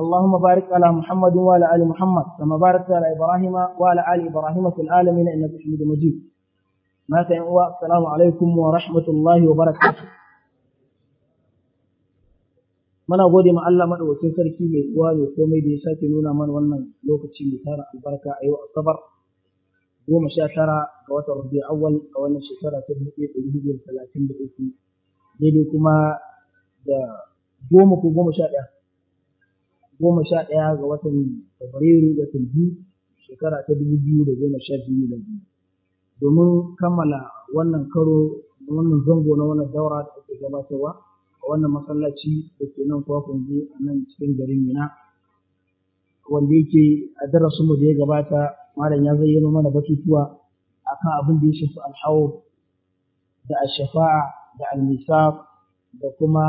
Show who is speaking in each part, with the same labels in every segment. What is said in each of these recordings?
Speaker 1: اللهم بارك على محمد وعلى آل محمد كما باركت على إبراهيم وعلى آل إبراهيم في العالمين إنك حميد مجيد ما تنوى السلام عليكم ورحمة الله وبركاته mana gode ma Allah madaukakin sarki mai uwa mai komai da ya sake nuna mana wannan lokaci mai tara albarka a yau asabar goma sha tara ga watan rabi awwal a wannan shekara ta dubu ɗaya da uku daidai kuma da goma ko goma sha ɗaya goma sha ɗaya ga watan Fabrairu da biyu shekara ta dubu biyu da goma sha biyu da biyu. Domin kammala wannan karo wannan zango na wannan daura da ake gabatarwa a wannan masallaci da ke nan kwakwan a nan cikin garin Mina. Wanda yake a darasin mu da ya gabata malam ya zayyano mana batutuwa akan abin da ya shafi alhawo da ashafa'a da almisaf da kuma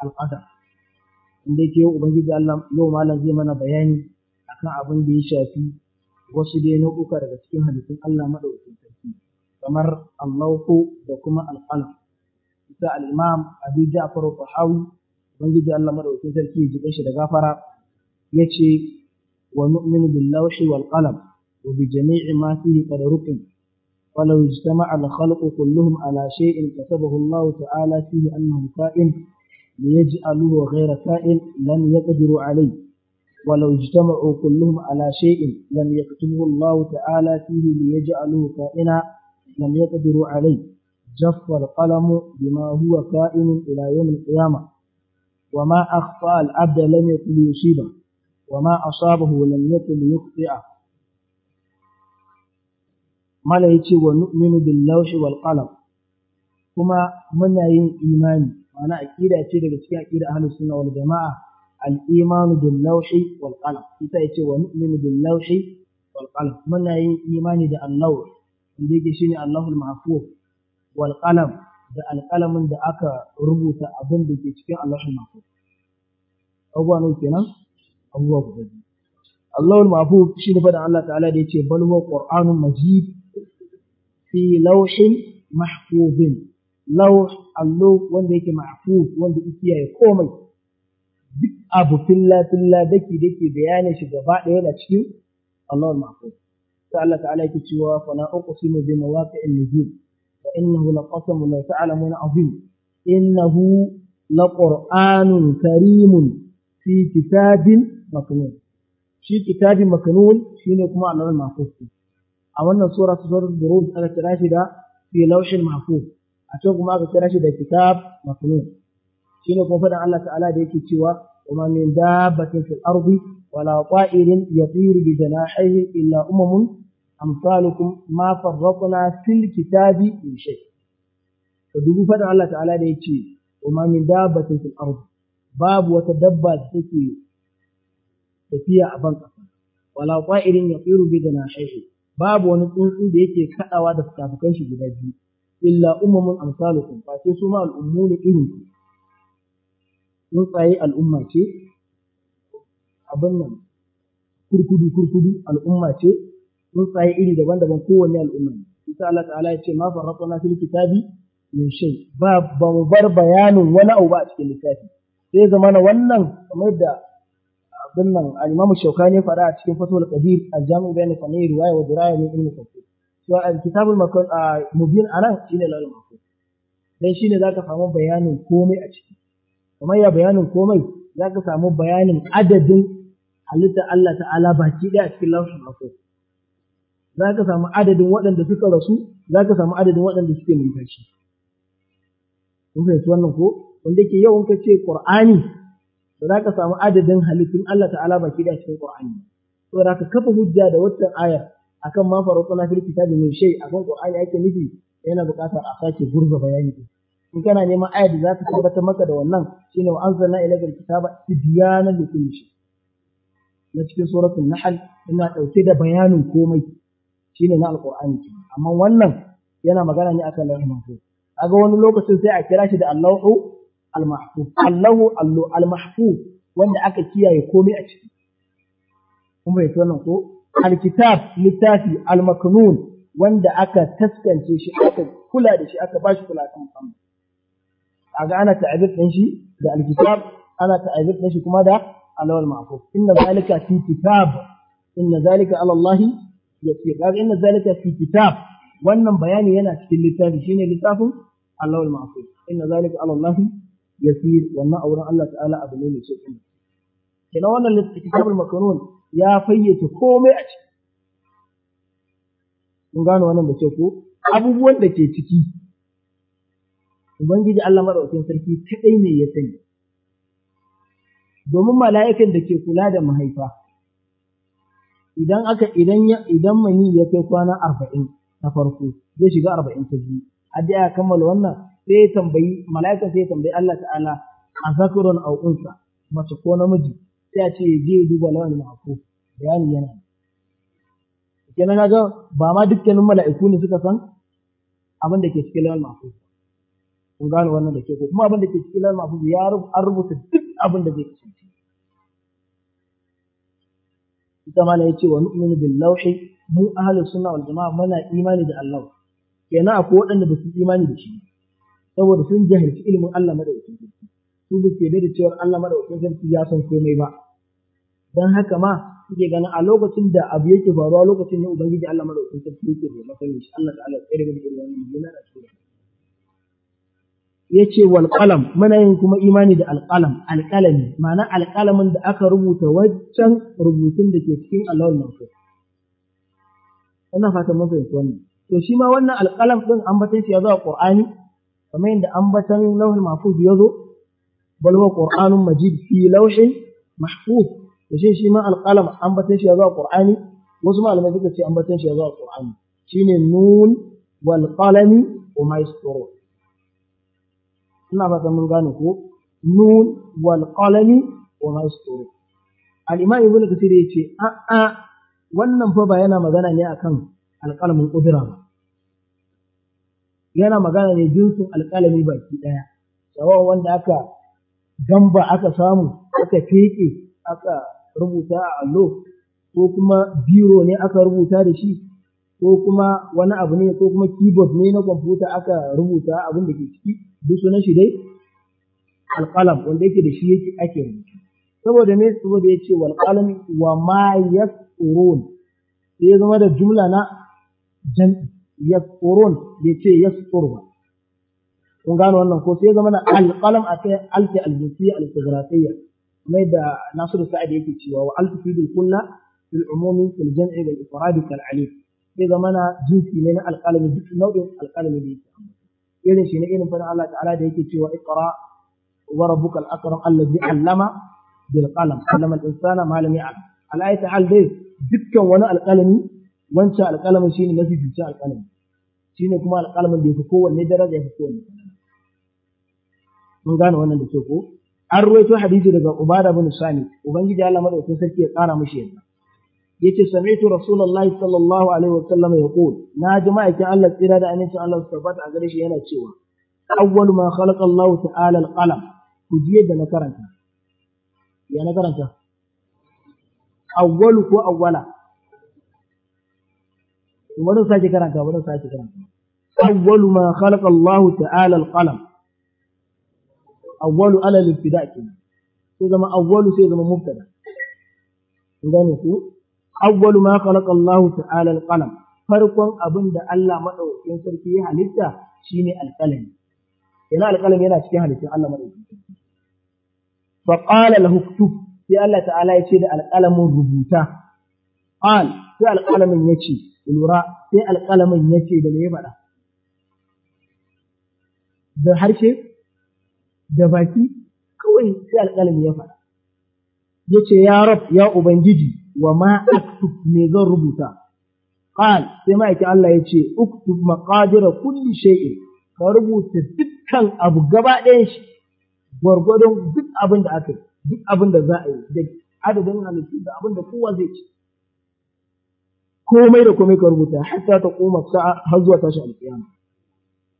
Speaker 1: al'adar. inda ke ubangiji Allah yau malam zai mana bayani akan abin da ya shafi wasu dai nau'uka daga cikin halittun Allah madaukakin sarki kamar Allahu da kuma al-qalam isa al-imam Abi Ja'far al-Tahawi ubangiji Allah madaukakin sarki ya jibe shi da gafara yace wa nu'minu bil lawhi wal qalam wa bi jami'i ma fihi qad ruqim ولو اجتمع الخلق كلهم على شيء كتبه الله تعالى فيه أنه كائن ليجعلوه غير كائن لم يقدروا عليه ولو اجتمعوا كلهم على شيء لم يكتبه الله تعالى فيه ليجعلوه كائنا لم يقدروا عليه جف القلم بما هو كائن إلى يوم القيامة وما أخطأ العبد لم يكن ليصيبه وما أصابه لم يكن ليخطئه ملائكة ونؤمن باللوح والقلم كما من إيماني ma'ana aƙida ce daga cikin aƙida ahlus sunna wal jama'a al imanu bil lawhi wal qalam ita yace wa nu'minu bil lawhi wal qalam muna yin imani da Allah inda yake shine Allahul mahfuz wal qalam da alqalamin da aka rubuta abin da ke cikin Allahul mahfuz Abuwa ne kenan abubuwa guda biyu Allahul mahfuz shine fadan Allah ta'ala da yace bal huwa qur'anun majid fi lawhin mahfuzin lauh allo wanda yake ma'fuf wanda yake yayi komai duk abu filla filla dake dake bayanin shi gaba ɗaya yana cikin Allahul ma'fuf sai Allah ta'ala yake cewa fa la uqsimu bi mawaqi'in nujum wa innahu laqasamun la ta'lamuna azim innahu laqur'anun karimun fi kitabin maknun shi kitabin maknun shine kuma Allahul ma'fuf a wannan sura ta surar durud aka kira shi da fi lawhin mahfuz a can kuma aka kira shi da kitab maknun shi ne kuma faɗin Allah ta'ala da yake cewa kuma min dabbatin fil ardi wala qa'irin yatiru bi janahihi illa umamun amsalukum ma farraqna fil kitabi min shay to dubu faɗin Allah ta'ala da yake kuma min dabbatin fil ardi babu wata dabba da take tafiya a ban kasa wala qa'irin yatiru bi janahihi babu wani tsuntsu da yake kaɗawa da fuka-fukan guda biyu illa umamun amsalukum fa sai su ma al'ummu ne irin ku tsuntsaye al'umma ce abin nan kurkudu kurkudu al'umma ce tsuntsaye iri daban-daban kowanne al'umma ne isa Allah ta'ala ya ce ma farraqna fil kitabi min shay ba ba mu bar bayanin wani abu ba a cikin littafi sai zamana wannan kamar da abin nan al-Imam Shawkani fara a cikin fasuwar Kabir, al-Jami' bayan fanni riwaya wa diraya min ilmi tafsir to alkitabul makon a mubin anan shine lawal mahfuz dan shine zaka samu bayanin komai a ciki kamar ya bayanin komai zaka samu bayanin adadin halitta Allah ta'ala baki daya a cikin lawal mahfuz zaka samu adadin waɗanda suka rasu zaka samu adadin waɗanda suke numfashi kun fahimci wannan ko wanda yake yau in ka ce qur'ani to zaka samu adadin halittun Allah ta'ala baki daya cikin qur'ani to zaka kafa hujja da wannan ayar akan ma farautsana fil kitabi min shay akan qur'ani ake nufi yana buƙatar a sake gurza bayani in kana neman ayat da za ta tabbatar maka da wannan shine wa anzalna ilaykal kitaba tibyana li kulli shay na cikin suratul nahl ina dauke da bayanin komai shine na alqur'ani amma wannan yana magana ne akan lauhul mahfuz aga wani lokacin sai a kira shi da allahu almahfuz allahu allahu almahfuz wanda aka kiyaye komai a ciki kuma yato nan ko alkitab littafi almaknun wanda aka taskance shi aka kula da shi aka bashi kula ta musamman kaga ana ta'abir din shi da alkitab ana ta'abir din shi kuma da alawal mahfuz inna zalika fi kitab inna zalika ala Allah yasir kaga inna zalika fi kitab wannan bayani yana cikin littafi shine littafin alawal mahfuz inna zalika ala Allah yasir wannan auren Allah ta'ala abu ne mai sauki kenan wannan littafin almaknun ya fayyace komai a ciki kun gano wannan da ke ko abubuwan da ke ciki ubangiji Allah madaukakin sarki kaɗai ne ya sani domin mala'ikan da ke kula da mahaifa idan aka idan idan mani ya kai kwana arba'in na farko zai shiga arba'in ta biyu hadda ya kammala wannan sai ya tambayi mala’ikan sai ya tambayi Allah ta'ala a zakarun a'unsa mace ko namiji sai a ce je duba lawan ma'afu bayani yana kenan kaga ba ma dukkanin mala'iku ne suka san abin da ke cikin lawan ma'afu kun gane wannan da ke ko kuma abin da ke cikin lawan ma'afu ya rubuta duk abin da zai kasance ita ma ya ce wa nu'minu bil lawhi mu ahli sunna wal jama'a muna imani da Allah kenan akwai waɗanda ba su imani da shi saboda sun jahilci ilimin Allah madaukakin sarki su ba ke da cewar Allah madaukakin sarki ya san komai ba Don haka ma suke ganin a lokacin da abu yake faruwa lokacin ne ubangiji Allah madaukakin sarki yake da masanin shi Allah ta'ala ya tsare mu da wannan mummuna da shi yace wal qalam muna yin kuma imani da alqalam alqalami ma'ana alƙalamin da aka rubuta waccan rubutun da ke cikin Allahul mahfuz ina fatan mun fahimci wannan to shi ma wannan alqalam din batan shi ya zo a Qur'ani kamar yadda batan lauhul mahfuz ya zo bal huwa qur'anun majid fi lawhin mahfuz to shi shi ma alqalam ambatan shi ya zuwa a wasu malamai suka ce ambatan shi ya zuwa a qur'ani shine nun wal qalami wa ma ina fata mun gane ko nun wal qalami wa ma yasturun al-imam ibnu kathir yace a a wannan fa ba yana magana ne akan alqalamin qudra ba yana magana ne jinsin alqalami baki daya sawa wanda aka gamba aka samu aka feke aka rubuta a allo ko kuma biro ne aka rubuta da shi ko kuma wani abu ne ko kuma keyboard ne na kwamfuta aka rubuta abin da ke ciki duk sunan shi dai alƙalam wanda yake da shi yake ake rubuta saboda me saboda ya ce walƙalam wa ma yasurun sai ya zama da jumla na jan yasurun ya ce yasur ba kun gano wannan ko sai ya zama na alƙalam a kai alfi al-jinsiyya al kuma yadda Nasiru Sa'ad yake cewa wa altufidul kunna fil umumi fil jam'i wal ifradi kal alif sai zamana jinsi ne na alqalami duk nau'in alqalami da yake irin shi ne irin fadin Allah ta'ala da yake cewa iqra wa rabbukal akram allazi allama bil qalam allama al insana ma lam ya'lam al ayatu al dai dukkan wani alqalami wancan alqalamin shine mafi fice alqalami shine kuma alqalamin da yake kowanne daraja yake kowanne mun gane wannan da ke ko an ruwaito hadisi daga Ubada bin Sani ubangiji Allah madaukakin sarki ya ƙara mashi yadda Ya ce, sami'tu rasulullahi sallallahu alaihi wasallam yaqul na ji ma'aikin Allah tsira da amincin Allah su tabbata a gare shi yana cewa awwal ma khalaqa Allah ta'ala al-qalam ku ji yadda na karanta ya na karanta awwalu ko awwala wani sake karanta wani sake karanta awwal ma khalaqa Allah ta'ala al-qalam awwalu ala al-ibtida' kenan sai zama awwalu sai zama mubtada kun gane ku awwalu ma khalaqa Allah ta'ala al-qalam farkon abin da Allah madaukakin sarki ya halitta shine al-qalam ina al-qalam yana cikin halittun Allah madaukakin sarki fa qala lahu uktub sai Allah ta'ala ya ce da al-qalamin rubuta qal sai al-qalamin yace lura sai al-qalamin yace da me ya faɗa da harshe da baki kawai sai alƙalami ya faɗa ya ce ya rab ya ubangiji wa ma aktub me zan rubuta qal sai ma'aikin Allah ya ce uktub maqadira kulli shay'in ka rubuta dukkan abu gaba ɗayan shi gwargwadon duk abin da aka yi duk abin da za a yi da adadin halittu da abin da kowa zai ci komai da komai ka rubuta hatta ta koma sa'a har zuwa tashi alƙiyama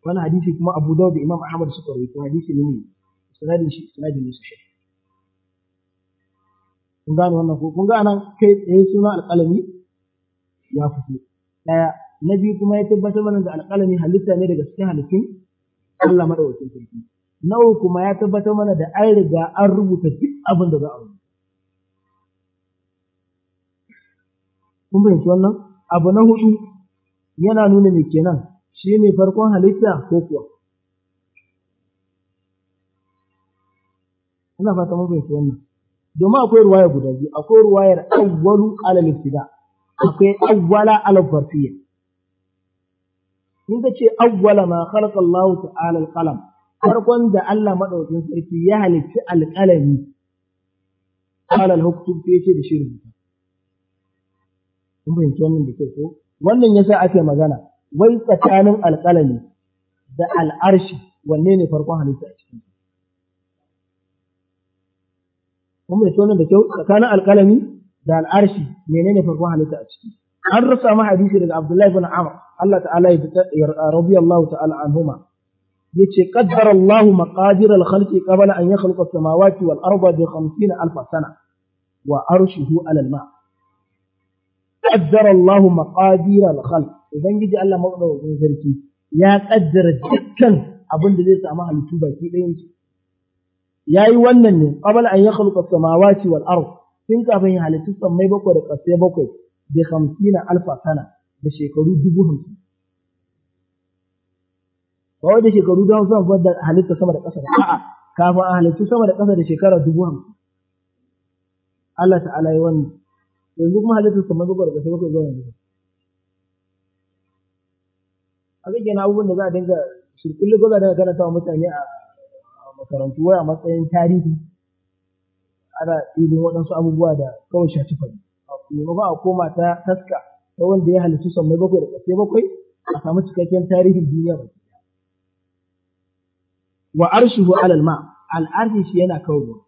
Speaker 1: wani hadisi kuma Abu Dawud da Imam Ahmad suka rawaito hadisi ne ne sanadin shi sanadin ne sahih kun gane wannan ko kun gane nan kai tsaye suna alƙalami ya fito daya na biyu kuma ya tabbatar mana da alƙalami halitta ne daga cikin halittun Allah madaukakin sarki na uku kuma ya tabbatar mana da ai riga an rubuta duk abin da za a rubuta kun fahimci wannan abu na hudu yana nuna me kenan shi ne farkon halitta ko kuwa ina fata mun fahimci wannan domin akwai ruwaya guda biyu akwai ruwayar awwalu ala al akwai awwala ala al-farfiyya in ce awwala ma khalaqa Allah ta'ala al-qalam farkon da Allah madaukakin sarki ya halicci al-qalami ala al-hukm sai ce da shirin rubuta kun fahimci wannan da kyau ko wannan yasa ake magana wai tsakanin alƙalami da al'arshi wanne ne farkon halitta a cikin kun mai tonin da kyau tsakanin alƙalami da al'arshi ne farkon halitta a ciki an rasa ma hadisi daga Abdullahi bin Amr Allah ta'ala ya radiyallahu ta'ala anhuma yace qaddara Allahu maqadir al-khalqi qabla an yakhluqa as-samawati wal arda bi 50000 sana wa arshuhu 'ala al qaddara Allahu maqadir al-khalq ubangiji Allah madaukakin sarki ya kaddara dukkan abin da zai samu halittu baki ɗayan su yi wannan ne qabla an yi yakhluqa samawati wal ard tun kafin ya halitta sammai bakwai da ƙasai bakwai da 50 alfa sana da shekaru dubu hamsin ba wai da shekaru dubu hamsin ba da halitta sama da ƙasa ba a'a kafin a halittu sama da ƙasa da shekara dubu hamsin Allah ta'ala ya wannan yanzu kuma halittar saman bakwai daga bakwai zuwa yanzu a zai gina abubuwan da za a dinga shirkin lagos a dinga karanta wa mutane a makarantu waya a matsayin tarihi ana ɗibin waɗansu abubuwa da kawai shafi fari maimakon a koma ta taska ta wanda ya halittu saman bakwai da ƙasai bakwai a samu cikakken tarihin duniya ba wa arshi ko alalma al'arshi shi yana kawo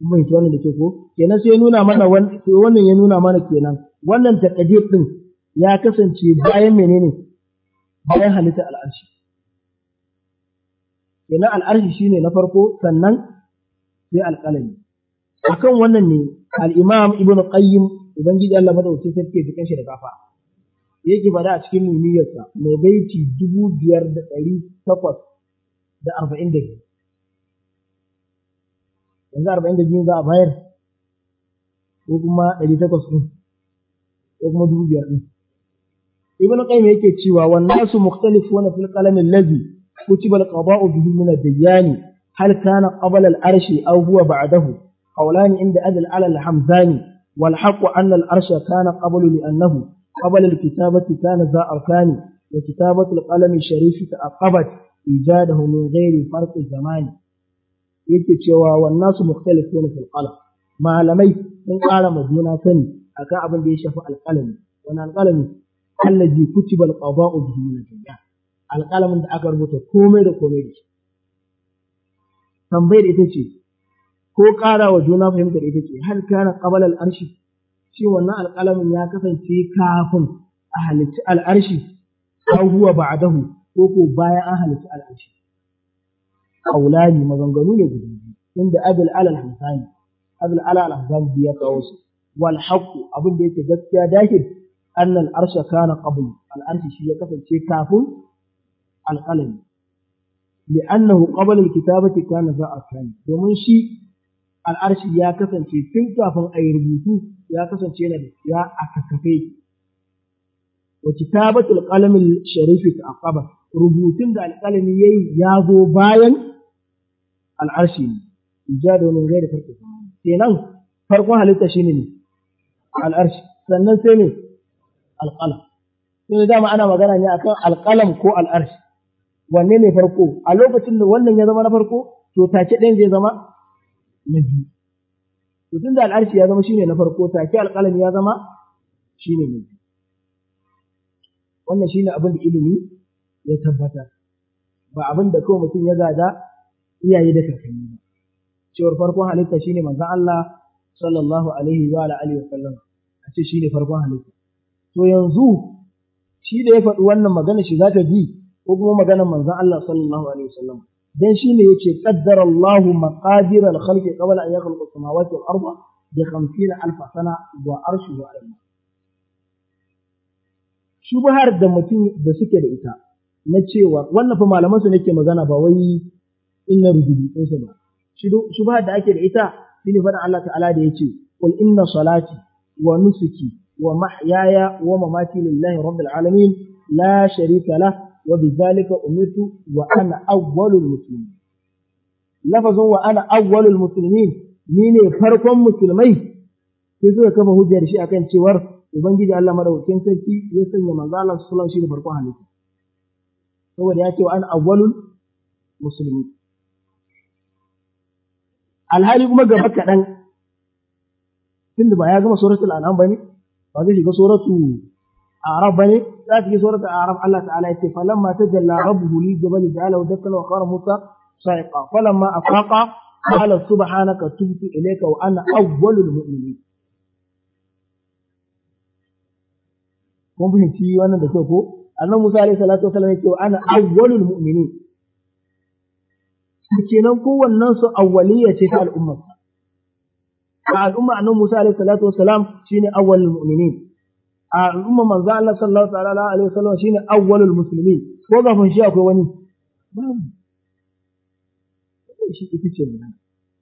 Speaker 1: mun fahimci wannan da ke ko kenan sai ya nuna mana wannan ya nuna mana kenan wannan takadir din ya kasance bayan menene bayan halitta al'arshi kenan al'arshi shine na farko sannan sai alƙalami akan wannan ne al-imam ibnu qayyim ubangiji Allah madaukakin sarki ya kanshi da kafa yake bada a cikin nuniyarsa mai baiti dubu biyar da ɗari takwas da arba'in da biyu yanzu arba'in da biyu za a bayar ko kuma ɗari takwas ɗin ko kuma dubu biyar ɗin ibn qayyim yake cewa wan nasu mukhtalifuna fil qalam allazi kutiba al-qada'u bihi min ad-diyani hal kana qabla al-arshi aw huwa ba'dahu qawlan inda adl ala al-hamzani wal haqqu anna al-arsha kana qablu li annahu qabla al-kitabati kana za arkani وكتابة القلم الشريف تأقبت إيجاده من غير فرق zamani. yake cewa wan nasu mukhtalifuna fil qalam malamai sun ƙara wa juna sani akan abin da ya shafi alƙalami wani alƙalami allazi kutiba alqada'u bihi min dunya alƙalamin da aka rubuta komai da komai da shi tambayar ita ce ko ƙara wa juna fahimtar ita ce hal kana qabala al-arshi shi wannan alƙalamin ya kasance kafin a halicci al'arshi ko huwa ba'dahu ko ko bayan an halicci al'arshi kaulani maganganu ne guda biyu inda abul alal hamsani abul alal hamsani ya kawo su wal haqqu abin da yake gaskiya dahir anna al arsha kana qabl al arshi shi ya kasance kafin al qalam li'annahu qabla al kitabati kana za arkan domin shi al arshi ya kasance tun kafin ayi rubutu ya kasance na da ya akakafe wa kitabatul qalam al sharif ta'aqaba rubutun da alƙalami yayi ya zo bayan al'arshi ne ijadu da farko. farqi kenan farkon halitta shi ne ne, al'arshi sannan sai ne Alƙalam. sai dama ana magana ne akan alƙalam ko al'arshi wanne ne farko a lokacin da wannan ya zama na farko to take ɗayan zai zama na biyu to da al'arshi ya zama shi ne na farko take alƙalam ya zama ne na biyu wannan shi ne abin da ilimi ya tabbata ba abin da kawai mutum ya gada iyaye da kakanni ba cewar farkon halitta shine manzon Allah sallallahu alaihi wa alihi wa sallam a ce shine farkon halitta to yanzu shi da ya faɗi wannan magana shi za ta bi ko kuma magana manzon Allah sallallahu alaihi wa sallam dan shine yace qaddara Allahu maqadir al-khalqi qabla an yakhluqa as-samawati wal-ardha bi 50 alf sana wa arshu wa al shubhar da mutum da suke da ita na cewa wannan fa malaman su nake magana ba wai inna rujuli su ba shubha da ake da ita shine faɗin Allah ta'ala da yace qul inna salati wa nusuki wa mahyaya wa mamati lillahi rabbil alamin la sharika lah wa bidhalika umirtu wa ana awwalul muslimin lafazin wa ana awwalul muslimin ni ne farkon musulmai sai suka kafa hujjar shi akan cewar ubangiji Allah madaukakin sarki ya sanya manzo Allah sallallahu alaihi wasallam shi ne farkon halitta saboda ya ce wa ana awwalul muslimin alhali kuma gaba kaɗan tun da ba ya gama suratul an'am ba ne ba zai shiga suratu arab ba ne za ta yi suratul arab Allah ta'ala ya ce falamma tajalla rabbuhu li jabali ja'alahu dakkan wa qara musa sa'iqa falamma afaqa qala subhanaka tubtu ilayka wa ana awwalul mu'minin kun fahimci wannan da kyau ko annabi Musa alaihi salatu wasallam ya ce wa ana awwalul mu'minin kenan kowannen su awwaliyya ce ta al'umma a al'umma annabi Musa alaihi salatu wassalam shine awwalul mu'minin a al'umma manzo Allah sallallahu ta'ala alaihi wasallam shine awwalul muslimin ko mun shi akwai wani shi ita ce magana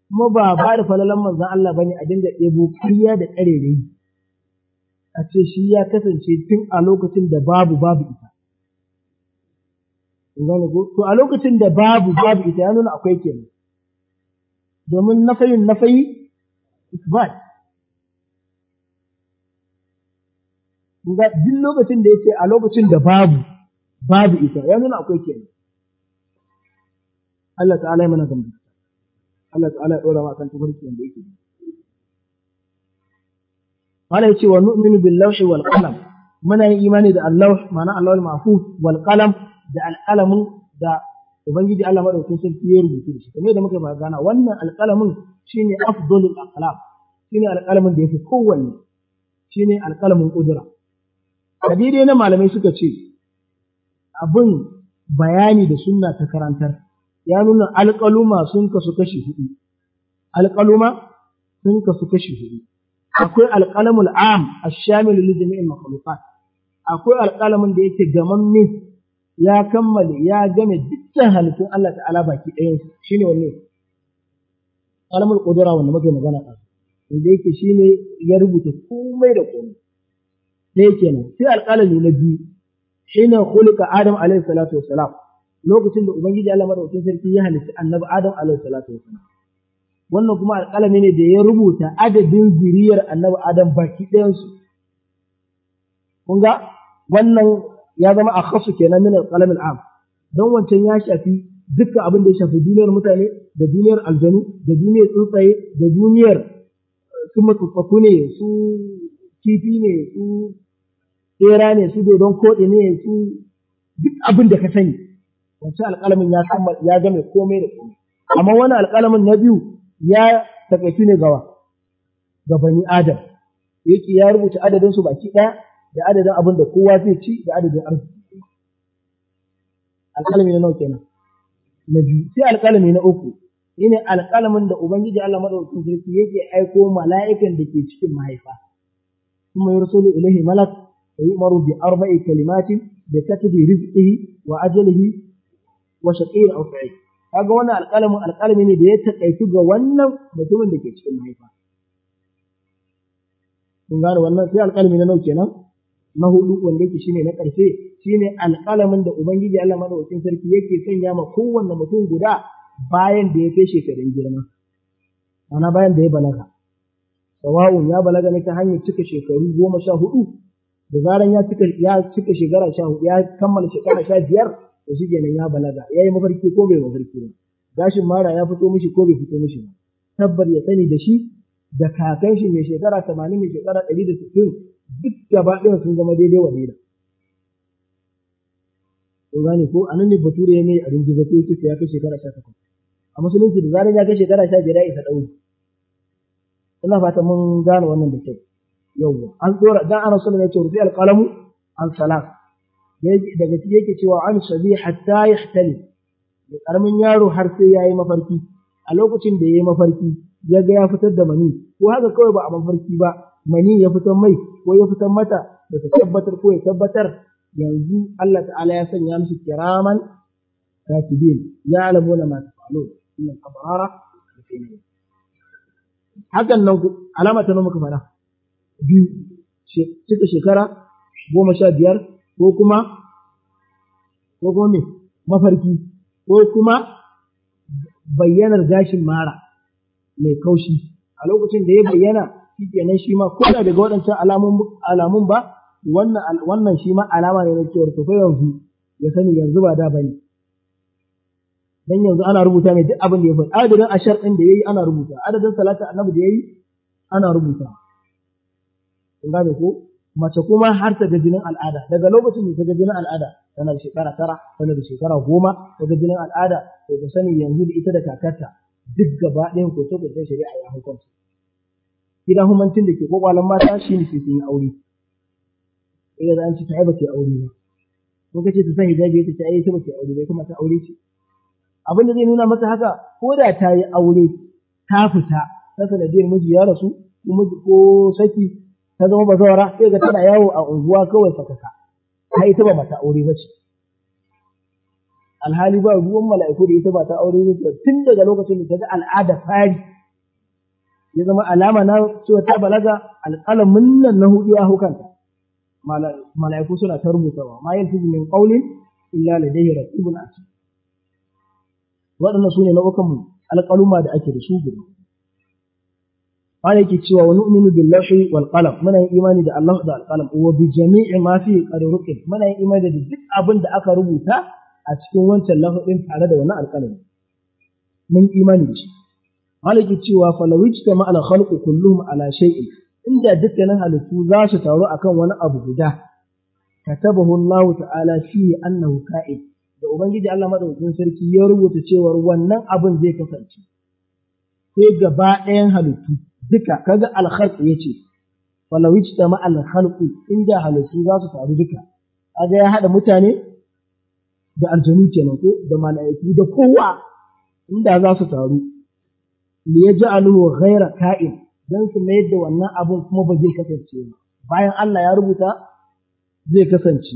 Speaker 1: kuma ba ba da falalan manzo Allah bane a dinga ɗebo kariya da ƙarerayi a ce shi ya kasance tun a lokacin da babu babu ita to a lokacin da babu babu ita ya nuna akwai kenan domin nafayin nafayi isbat ga duk lokacin da yake a lokacin da babu babu ita ya nuna akwai kenan Allah ta'ala ya mana gambi Allah ta'ala ya dora ma kan ke wanda yake Allah ya ce wa nu'minu bil lawhi wal qalam muna yin imani da Allah ma'ana Allah al mahfuz wal qalam da alƙalamin da ubangiji Allah madaukakin sarki ya rubuta shi kamar yadda muka yi magana wannan alƙalamin shine afdalul shi ne alƙalamin da ya fi kowanne shi ne alƙalamin kudura kadide na malamai suka ce abin bayani da sunna ta karantar ya nuna alƙaluma sun kasu kashi hudu alƙaluma sun kasu kashi hudu akwai alƙalamul am ashamil li jami'il makhluqat akwai alƙalamin da yake gamamme ya kammala ya gane dukkan halittun Allah ta'ala baki ɗayan shi shine wanne alamul ƙudura wanda mafi magana a inda yake ne ya rubuta komai da komai sai kenan sai alƙalami na biyu ne khuliqa adam alaihi salatu wassalam lokacin da ubangiji Allah madaukakin sarki ya halitta annabi adam alaihi salatu wassalam wannan kuma alƙalami ne da ya rubuta adadin zuriyar annabi adam baki ɗayan su kun ga wannan ya zama a kasu kenan min al am don wancan ya shafi dukkan abin da ya shafi duniyar mutane da duniyar aljanu da duniyar tsuntsaye da duniyar su matsatsaku ne su kifi ne su tsera ne su dodon koɗi ne su duk abin da ka sani wancan alƙalamin ya ya game komai da komai amma wani alƙalamin na biyu ya takaitu ne gawa ga bani adam yake ya rubuta adadin su baki ɗaya da adadin abin da kowa zai ci da adadin arziki alƙalami na nauke kenan na biyu sai alƙalami na uku shine alƙalamin da ubangiji Allah madaukakin sarki yake aiko mala'ikan da ke cikin mahaifa kuma yursalu ilaihi malak yu'maru bi arba'i kalimatin da katbi rizqihi wa ajalihi wa shaqiyyin aw sa'id kaga wannan alƙalamin alƙalami ne da ya takaitu ga wannan mutumin da ke cikin mahaifa kun gane wannan sai alƙalami na nauke kenan na hudu wanda yake shine na ƙarshe shine alƙalamin da ubangiji Allah madaukakin sarki yake sanya ma kowanne mutum guda bayan da ya kai shekarun girma ana bayan da ya balaga sawa'un ya balaga ne ta hanyar cika shekaru goma sha hudu da zaran ya cika ya cika shekara sha hudu ya kammala shekara sha biyar to shi kenan ya balaga ya yi mafarki ko bai mafarki ba gashin mara ya fito mishi ko bai fito mishi ba tabbar ya sani da shi da kakan shi mai shekara 80 mai shekara ɗari duk gaba ɗin sun zama daidai wa leda. to gane ko anan ne bature ya mai a ringiza ko yake ya kai shekara takwas. a musulunci da zarar ya kai shekara 15 ya isa ɗauri ina fata mun gane wannan da kyau yawwa an tsora dan ana sunan ya ce rufi alqalamu an salat daga ciki yake cewa an shabi hatta yahtali da ƙaramin yaro har sai yayi mafarki a lokacin da yayi mafarki ya ga ya fitar da mani ko haka kawai ba a mafarki ba mani ya fito mai ko ya fitar mata da ta tabbatar ko ya tabbatar yanzu Allah ta'ala ya sanya musu kiraman katibin ya alamu na masu falo abarara. abrara hakan nan alama ta muka fara biyu cika shekara goma sha biyar ko kuma ko kuma me mafarki ko kuma bayyanar gashin mara mai kaushi a lokacin da ya bayyana shi kenan shi ma ko da daga waɗancan alamun ba wannan shi ma alama ne na cewar to yanzu ya sani yanzu ba da bane dan yanzu ana rubuta mai duk abin da ya faru. adadin ashar ɗin da yayi ana rubuta adadin salatin annabi da yayi ana rubuta kun gane ko mace kuma har ta ga jinin al'ada daga lokacin da ta ga jinin al'ada tana da shekara tara tana da shekara goma ta ga jinin al'ada to ta sani yanzu da ita da kakarta duk gaba ɗayan ko ta shari'a ya hukunta gidan humancin da ke kwakwalan mata shi ne ke sun yi aure idan an ci ta ai ba ta aure ba ko kace ta san hijabi ta ce ai ta ba ke aure bai kuma ta aure ce abin da zai nuna masa haka ko da ta yi aure ta fita ta sanadiyar miji ya rasu ko saki ta zama bazawara sai ga tana yawo a unguwa kawai sakaka ta ita ba mata aure ba ce alhali ba ruwan mala'iku da ita ba ta aure ba tun daga lokacin da ta ga al'ada fari ya zama alama na cewa ta balaga alƙalamin nan na hudu ya hau kanta mala'iku suna ta rubutawa ma yalfizu min qawlin illa ladayhi raqibun atid waɗannan sune nau'ukan alƙaluma da ake da su guda ke cewa wani wa bin billahi wal ƙalam. muna yin imani da Allah da alƙalam, wa bi jami'i ma fi qadruqin muna yin imani da duk abin da aka rubuta a cikin wancan lafazin tare da wani alƙalam. mun imani da shi malaki cewa falawici ta ma'al halku kullum ala shay'in inda dukkanin halittu za su taru akan wani abu guda katabahu Allah ta'ala fi annahu ka'id da ubangiji Allah madaukakin sarki ya rubuta cewa wannan abin zai kasance sai gaba ɗayan halittu duka kaga al ya yace falawici ta ma'al halku inda halittu za su taru duka kaga ya hada mutane da aljanu kenan ko da mala'iku da kowa inda za su taru li yaj'aluhu ghayra ka'in dan su mayar da wannan abun kuma ba zai kasance ba bayan Allah ya rubuta zai kasance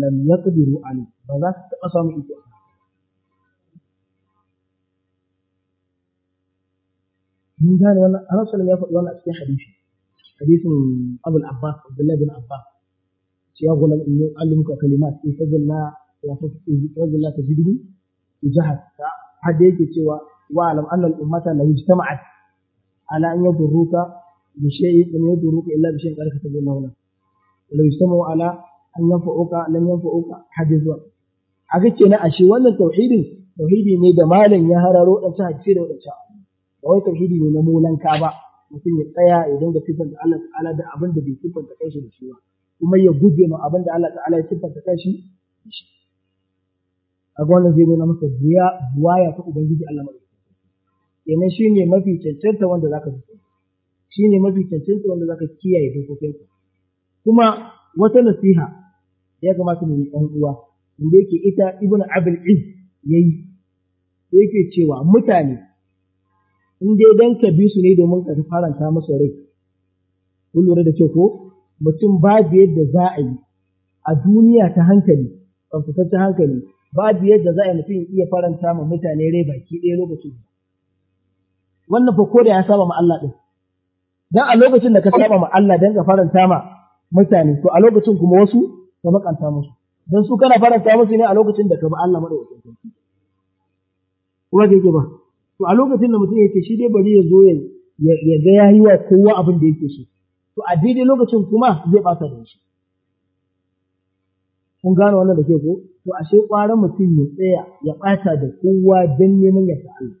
Speaker 1: lam yaqdiru alayhi ba za su taɓa samu iko mun gane wannan Annabi sallallahu ya faɗi wannan a cikin hadisi hadisin Abu abbas Abdullah bin Abbas ya gulam in yau alimuka kalimat in fadalla ya fadalla tajidhu jahat ta hadda yake cewa واعلم أن الأمة لو اجتمعت على أن يضروك بشيء لم يضروك إلا بشيء قد كتب الله لك ولو اجتمعوا على أن ينفعوك لم ينفعوك حدثوا haka ce na ashe wannan tauhidin tauhidi ne da malam ya hararo dan ta hadisi da wadanta ba wai tauhidi ne na mulanka ba mutum ya tsaya ya dinga sifar da Allah ta'ala da abin da bai sifar da kanshi da shi ba kuma ya guje ma abin da Allah ta'ala ya sifar da kanshi da shi a wannan zai nuna masa buya buwaya ta ubangiji Allah mai kenan ne mafi cancanta wanda zaka fi ne mafi cancanta wanda ka kiyaye dokokin kuma wata nasiha ya kamata mu yi ɗan uwa inda yake ita ibn abul iz yayi yake cewa mutane in dai dan ka bi su ne domin ka faranta masu rai kun lura da ce ko mutum babu yadda za a yi a duniya ta hankali ta hankali babu yadda za a yi mutum iya faranta ma mutane rai baki ɗaya lokacin wannan fa ko da ya saba ma Allah din dan a lokacin da ka saba ma Allah dan ka faranta ma mutane to a lokacin kuma wasu ka makanta musu dan su kana faranta musu ne a lokacin da ka ba Allah madaukakin sarki kuma ke ba to a lokacin da mutum yake shi dai bari ya zo ya ga yayi wa kowa abin da yake so to a daidai lokacin kuma zai bata da shi kun gane wannan da ke ko to ashe ƙwarar mutum ya tsaya ya ɓata da kowa don neman ya Allah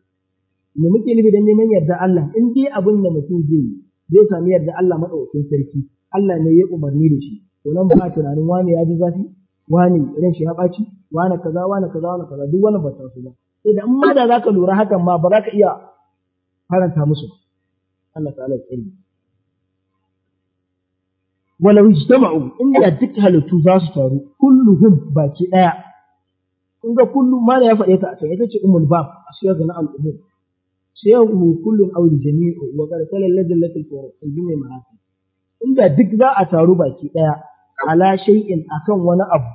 Speaker 1: me muke nufi dan neman yarda Allah in dai abin da mutum zai zai sami yarda Allah madaukakin sarki Allah ne ya umarni da shi to nan ba tunanin wani ya ji zafi wani irin shi ya ɓaci wani kaza wani kaza wani kaza duk wani bata su ba sai da amma da zaka lura hakan ma ba za ka iya faranta musu Allah ta'ala ya tsare walau ijtama'u inda duk halittu za su taru kulluhum baki daya kun ga kullu ma ya faɗe ta a can ita ce umul bab a cikin na al'umma shay'un min kullun aw jami'u wa qad kana ladallati al-qur'an ma'afi inda duk za a taru baki daya ala shay'in akan wani abu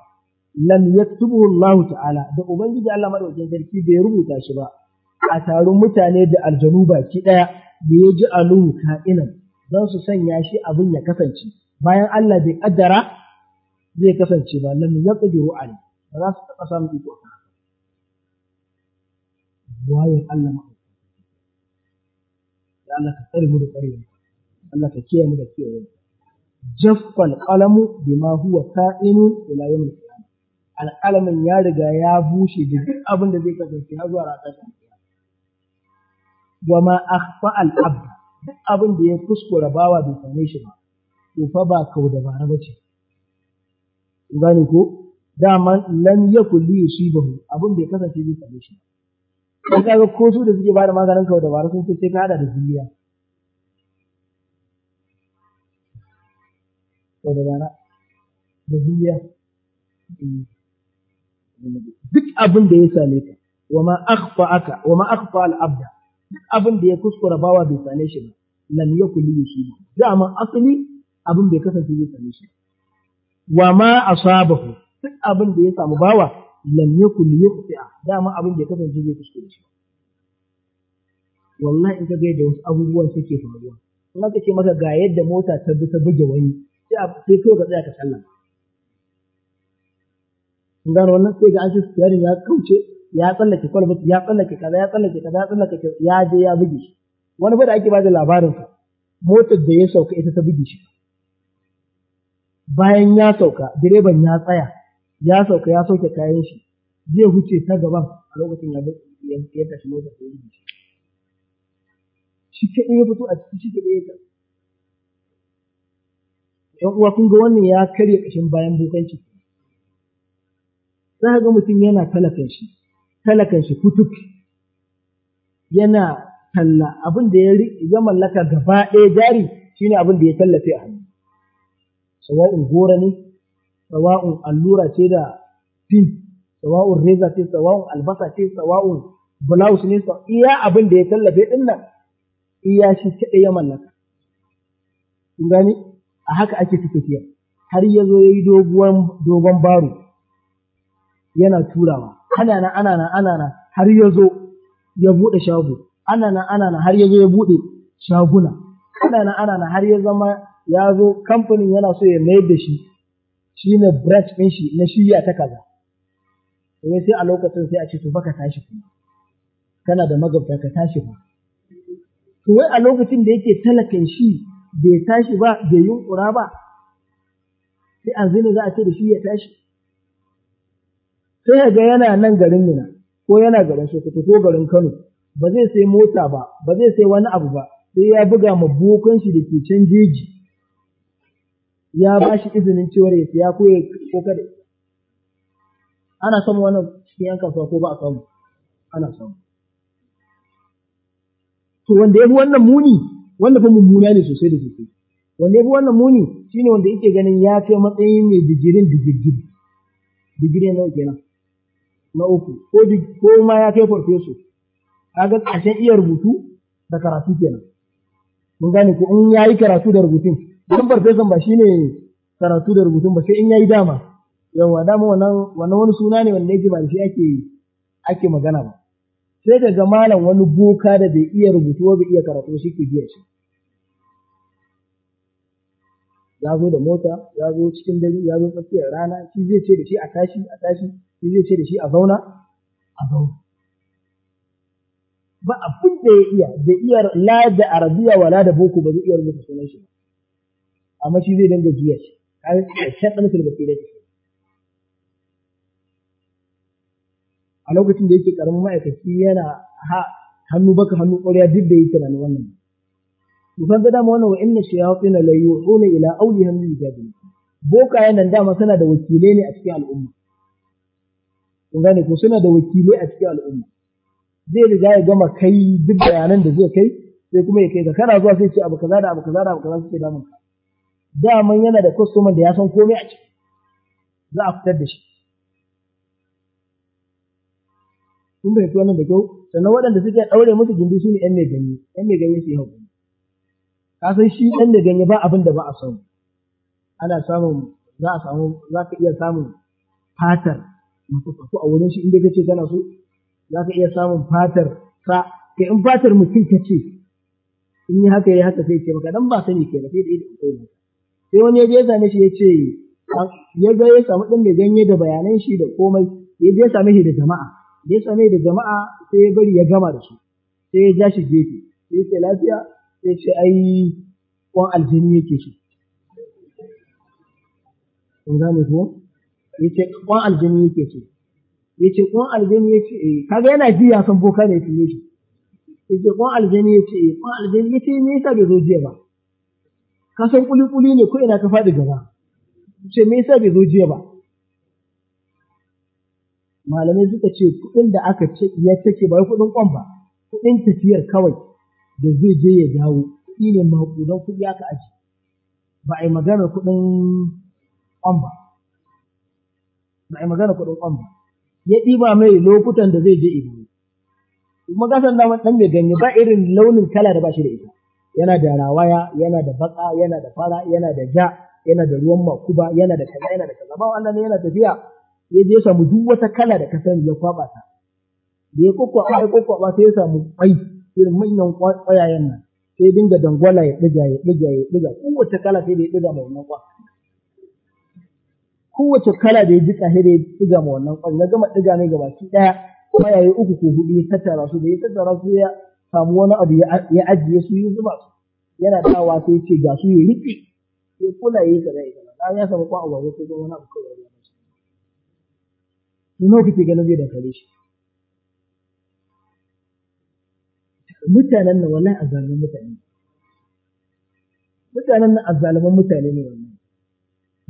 Speaker 1: lam yaktubuhu Allah ta'ala da ubangiji Allah madaukakin sarki bai rubuta shi ba a taru mutane da aljanu baki daya da ya ji aluhu ka'inan Zan su sanya shi abin ya kasance bayan Allah bai kaddara zai kasance ba lam yaqdiru alai ba za su taba samun iko wayin Allah Allah ka tsare mu da tsare mu Allah ka kiyaye mu da kiyaye mu jaffal qalamu bima huwa sa'inun ila yawm al-qiyamah al-qalamin ya riga ya bushe da duk abin da zai kasance har zuwa ranar kiyama wa ma akhfa al-abd duk abin da ya kuskura bawa bai same shi ba to fa ba kau da bara bace gane ko dama lam yakul li yusibahu abin da ya kasance zai same shi ba ko ko su da suke bada maganin kawai dabara sun ce ka hada da juriya ko bana, da zuriya. duk abin da ya same ka wa ma akhfa aka wa ma akhfa al abda duk abin da ya kuskura bawa bai same shi ba lam shi yusibu dama asali abin bai kasance bai same shi wa ma asabahu duk abin da ya samu bawa lam yakun yukhti'a dama abin da kasance zai kuskure shi wallahi in ka ga da wasu abubuwan suke faruwa in aka ce maka ga yadda mota ta bi ta buge wani sai kawai ka tsaya ka sallama In ga wannan sai ga an shi tsari ya kauce ya tsallake kwalbi ya tsallake kaza ya tsallake kaza ya tsallake ya je ya buge shi wani ba da ake da labarin sa motar da ya sauka ita ta buge shi bayan ya sauka direban ya tsaya ya sauka ya sauke kayan shi zai huce ta gaban a lokacin ya ya tashi mota sai ya shi shi kaɗai ya fito a ciki shi ke ya tafi ɗan uwa kun ga wannan ya karya ƙashin bayan bokanci za ka ga mutum yana talakan shi talakan shi kutuk yana talla abin da ya mallaka gaba ɗaya jari shine abin da ya tallafe a hannu sawa'un gora ne sawa'un allura ce da pin sawa'un reza ce sawa'un albasa ce sawa'un blouse ne iya abin da ya tallafe din nan iya shi kaɗai ya mallaka kun gani a haka ake tafiya har ya zo ya yi dogon baro yana turawa ana nan ana nan ana nan har ya zo ya bude shago ana nan ana nan har ya zo ya buɗe shaguna ana nan ana nan har ya zama ya zo kamfanin yana so ya mayar da shi ne branch ɗin shi na shiya ta kaza sai sai a lokacin sai a ce to baka tashi kuma kana da magabta ka tashi ba to wai a lokacin da yake talakan shi bai tashi ba bai yunkura ba sai a zini za a ce da shi ya tashi sai ga yana nan garin Mina ko yana garin Sokoto ko garin Kano ba zai sai mota ba ba zai sai wani abu ba sai ya buga ma bokan shi da ke can jeji ya ba shi izinin cewar ya siya ko ya ko kada ana son wannan cikin yan kasuwa ko ba a samu ana samu to wanda ya bi wannan muni wanda fa mummuna ne sosai da sosai wanda ya bi wannan muni shi ne wanda yake ganin ya kai matsayin mai digirin digirgir digiri nawa kenan na uku ko ko ma ya kai farfeso ga ƙarshen iya rubutu da karatu kenan mun gane ko in yi karatu da rubutun dan farfesan ba shine karatu da rubutun ba sai in yayi dama yawa dama wannan wannan wani suna ne wanda yake ba da shi ake ake magana ba sai ka ga malam wani boka da bai iya rubutu ba bai iya karatu shi ke biya shi ya zo da mota ya zo cikin dare ya zo tsakiyar rana shi zai ce da shi a tashi a tashi shi zai ce da shi a zauna a zauna ba abin da ya iya da iya la da arabiya wala da boko ba zai iya rubuta sunan shi ba amma shi zai danga juya shi kaga ƙarshen da musulmi da dai a lokacin da yake karamin ma'aikaci yana ha hannu baka hannu ƙwarya duk da yake nan wannan to kan ga dama wannan wa inna shayatin la yuhuna ila awlihim min jadil boka yanan dama suna da wakilai ne a cikin al'umma kun gane ko suna da wakilai a cikin al'umma zai riga ya gama kai duk bayanan da zai kai sai kuma ya kai ga kana zuwa sai ce abu kaza da abu kaza da abu kaza suke damun ka daman yana da kwastoman da ya san komai a ciki za a fitar da shi kun bai nan da kyau sannan waɗanda suke ɗaure musu gindi su ne ‘yan mai ganye ‘yan mai ganye su yi haƙuri ka san shi ɗan mai ganye ba abin da ba a samu ana samun za a samu za ka iya samun fatar matsatsaku a wurin shi inda ka ce kana so za ka iya samun fatar sa kai in fatar mutum ka ce in yi haka yi haka sai ce maka dan ba sani ke ba sai da ido kai ne. sai wani ya je ya same shi ya ce ah, ya ga ya samu ɗin da ganye da bayanan shi da komai ya je ya same shi da jama'a ya same da jama'a sai ya bari ya gama da su sai ya ja shi gefe sai ya ce lafiya sai ce ai kwan aljini yake shi kun gane ko ya ce kwan aljini yake shi ya ce kwan aljini ya ce eh. kaga yana ji ya san boka ne ya shi ya ce kwan aljini ya ce eh. kwan aljini ya ce me yasa bai zo jiya ba ka san kuli-kuli ne ko ina ka faɗi gaba ce me yasa bai zo jiya ba malamai suka ce kuɗin da aka ce ya take ba kuɗin kwan ba kuɗin tafiyar kawai da zai je ya dawo kuɗi ne maƙudan kuɗi aka aji ba a yi magana kuɗin kwan ba ba a yi magana kuɗin kwan ba ya ɗiba mai lokutan da zai je ido kuma gasan da mai ganye ba irin launin kala da ba shi da ita yana da rawaya yana da baka yana da fara yana da ja yana da ruwan makuba yana da kaza yana da kaza ba wannan ne yana tafiya ya je samu duk wata kala da ka sani ya kwaba ta da ya kokwa ai kokwa ba sai ya samu kwai irin manyan kwayayen nan sai dinga dangwala ya diga ya diga ya diga kowace kala sai da ya diga mai wannan kwa kowace kala da ya jika sai da ya diga ma wannan kwan na gama diga ne gabaki daya kuma uku ko hudu ya tattara su da ya tattara su ya samu wani abu ya ajiye su yi zuba su yana dawa sai ce ga su ya riƙe ya kula ya yi kaza ya kaza ya samu kwa abu sai wani abu kawai ya mace ni nawa kake ganin zai dankare shi mutanen nan a zalimin mutane mutanen a zalimin mutane ne wannan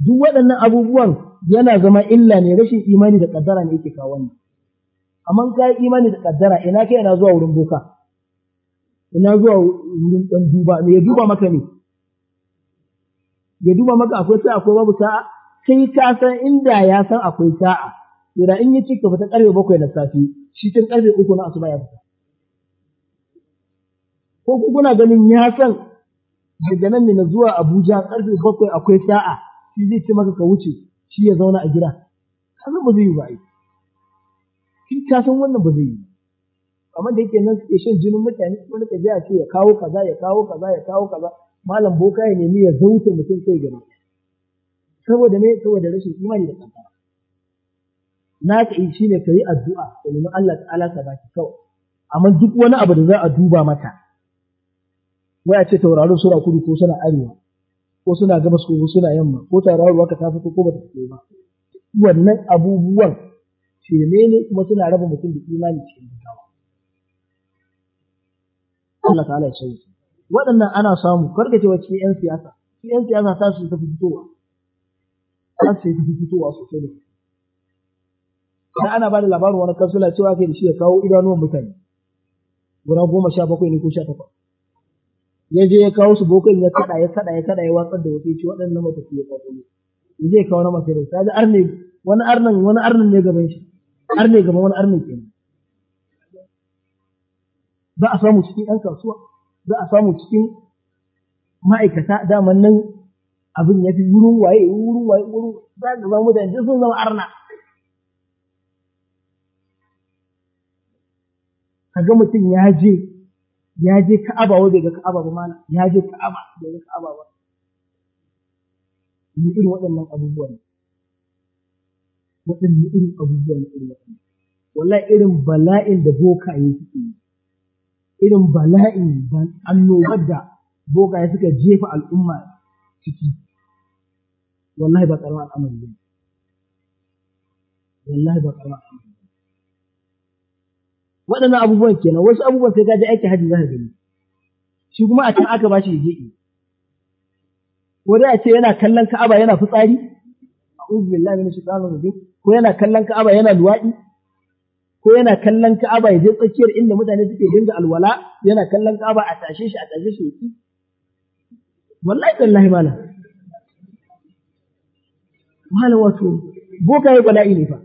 Speaker 1: duk waɗannan abubuwan yana zama illa ne rashin imani da kaddara ne yake kawo wannan amma ka yi imani da kaddara ina kai yana zuwa wurin boka ina zuwa wurin ɗan duba ne ya duba maka ne ya duba maka akwai sa'a akwai babu sa'a sai ka san inda ya san akwai sa'a to in yi ce fita karfe bakwai na safi, shi tun karfe uku na asuba ya fita ko ku kuna ganin ya san daga nan ne na zuwa Abuja karfe bakwai akwai sa'a shi zai ce maka ka wuce shi ya zauna a gida kasan ba zai yi ba ai kin ka san wannan ba zai yi ba kamar da yake nan suke shan jinin mutane wani ka je a ce ya kawo kaza ya kawo kaza ya kawo kaza malam boka ya nemi ya zauce mutum kai gaba saboda me saboda rashin imani da kanta na ka yi shine ka yi addu'a ka nemi Allah ta'ala ta baki kawai amma duk wani abu da za a duba mata wai a ce tauraron suna kudu ko suna arewa ko suna gabas ko suna yamma ko tauraruwa ka ta fito ko bata fito ba wannan abubuwan shirme ne kuma suna raba mutum da imani cikin gawa Allah ta'ala ya sauke waɗannan ana samu karka cewa cikin yan siyasa cikin yan siyasa ta su ta fitowa ta su ta fitowa sosai ne da ana ba da labarin wani kansula cewa kai da shi ya kawo idanuwan mutane guda goma sha bakwai ne ko sha takwas ya je ya kawo su bokan ya kaɗa ya kaɗa ya kaɗa ya watsar da wasu ya ce waɗannan matafi ya kawo ne ya je ya kawo na masu rai ta ji arne wani arnan wani arnan ne gaban shi arne gaban wani arne kenan za a samu cikin ɗan kasuwa za a samu cikin ma'aikata daman nan abin ya fi wurin waye wurin waye wurin za ka zama mutane sun zama arna kaga mutum ya je ya je Ka'aba wa ga Ka'aba ba mana ya je Ka'aba da ga Ka'aba ba ni irin waɗannan abubuwa ne waɗannan irin abubuwa ne irin wallahi irin bala'in da boka yake yi irin bala'in annobar da bogaye suka jefa al'umma ciki wallahi ba karamin al'amari ne wallahi ba karamin al'amari ne waɗannan abubuwan kenan wasu abubuwan sai gaji aiki hajji za ka gani shi kuma a can aka ba shi yaje ko dai ce yana kallon ka'aba yana fitsari a'udhu billahi minash shaitanir rajim ko yana kallon ka'aba yana luwaɗi ko yana kallon Ka'aba ya je tsakiyar inda mutane suke dinga alwala yana kallon Ka'aba a tashe shi a tashe shi yake wallahi wallahi malam malam wato boka yi bala'i ne fa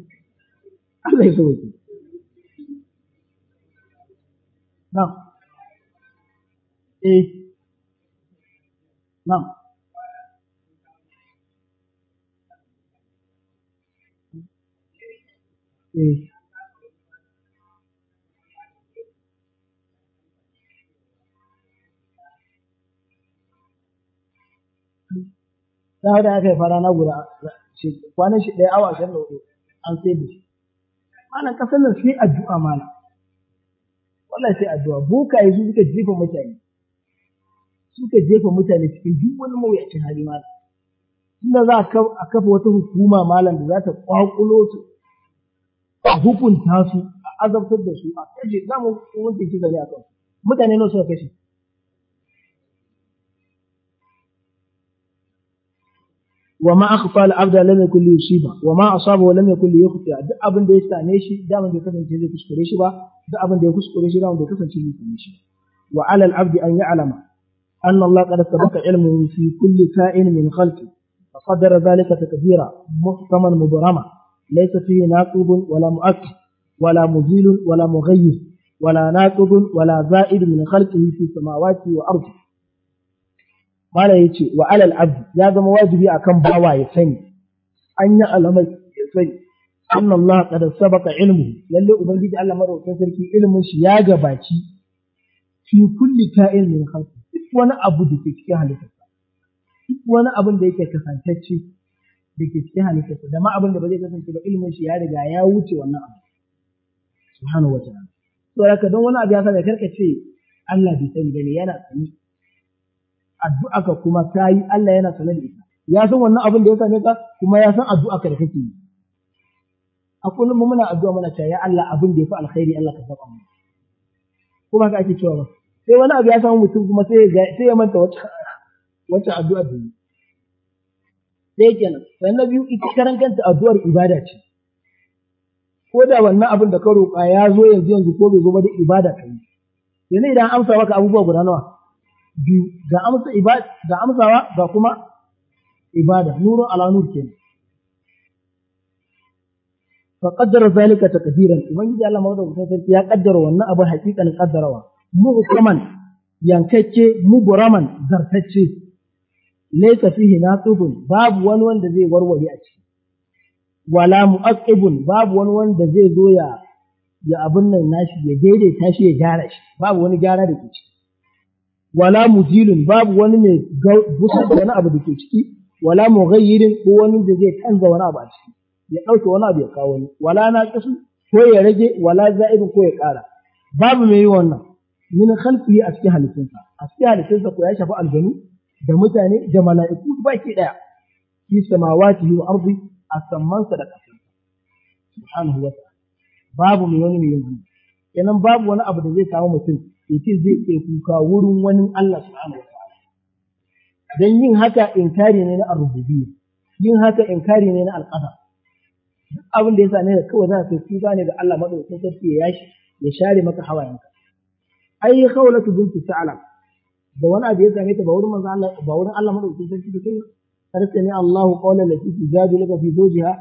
Speaker 1: Allah ya so ki na'am eh na'am eh dan haka aka yi na guda kwanan shi ɗaya awa ashirin da hudu an sai da shi malam ƙasar nan sai addu'a malam wallahi sai addu'a Buka su suka jefa mutane suka jefa mutane cikin duk wani mawuyacin hali malam inda za a kafa wata hukuma malam da za ta kwakulo su a hukunta su a azabtar da su a kashe za mu hukunta kisa ne a kan mutane nawa suka kashe wa ma akhfa al abda lam yakun li yusiba wa ma asaba wa lam yakun li yukhti duk abin da ya same shi da bai kasance zai kuskure shi ba duk abin da ya kuskure shi da bai kasance zai same shi wa ala al abdi an ya'lama anna Allah qad sabaka ilmuhu fi kulli ka'in min khalqi fa qaddara dhalika taqdira muhkaman mubarama laysa fihi naqib wala mu'akkid wala muzil wala mughayyir wala naqib wala za'id min khalqihi fi samawati wa ardi malam ce wa alal abd ya zama wajibi akan bawa ya sani an yi alamai ya sani anna Allah qad sabaqa ilmu lalle ubangiji Allah madaukakin sarki ilmin shi ya gabaci fi kulli ka'il min khalqi duk wani abu da ke cikin halittarsa duk wani abin da yake kasantacce da ke cikin halittarsa da ma abin da ba zai kasance ba ilmin shi ya riga ya wuce wannan abu subhanahu wa ta'ala to haka don wani abu ya sa da karka ce Allah bai sani bane yana sani addu'a ka kuma yi Allah yana sanar da ita ya san wannan abin da ya same ka kuma ya san addu'a ka da kake yi a kullum muna addu'a muna cewa ya Allah abin da ya fi alkhairi Allah ka saba mu kuma ka ake cewa ba sai wani abu ya samu mutum kuma sai ya sai ya manta wata wata addu'a da yi sai kenan sai na biyu ita karan kanta addu'ar ibada ce ko da wannan abin da ka roƙa ya zo yanzu yanzu ko bai zo ba da ibada ka yi yanzu idan amsa maka abubuwa guda nawa biyu ga amsa ibada ga amsawa ga kuma ibada nuru ala nur kenan fa qaddara zalika taqdiran ji Allah madaukakin sai ya qaddara wannan abin haƙiƙanin kaddarawa muhkaman yankacce muguraman zartacce laysa fihi nasibun babu wani wanda zai warware a ciki wala mu'aqibun babu wani wanda zai zo ya ya abin nan nashi ya daidaita shi ya gyara shi babu wani gyara da ke ciki wala mujilin babu wani mai busar da wani abu da ke ciki wala mughayyirin ko wani da zai canza wani abu a ciki ya dauke wani abu ya kawo wani wala naqisu ko ya rage wala za'ibin ko ya kara babu mai yi wannan min khalqi a cikin halittunsa a cikin halittunsa ko ya shafi aljanu da mutane da mala'iku baki daya fi samawati wa ardi a sammansa da kasan subhanahu wa ta'ala babu mai wani mai yin wannan kenan babu wani abu da zai kawo mutum yace zai iya kuka wurin wani Allah subhanahu wataala dan yin haka inkari ne na ar-rububiyya yin haka inkari ne na al-qadar abin da yasa ne kawai za ka kuka ne ga Allah madaukakin sarki ya yashi ya share maka hawayenka ai khawlatu binti sa'lam da wani abu ya same ta ba wurin manzo Allah ba wurin Allah madaukakin sarki ba kin sarki ne Allahu qawla lati tujadiluka fi zawjiha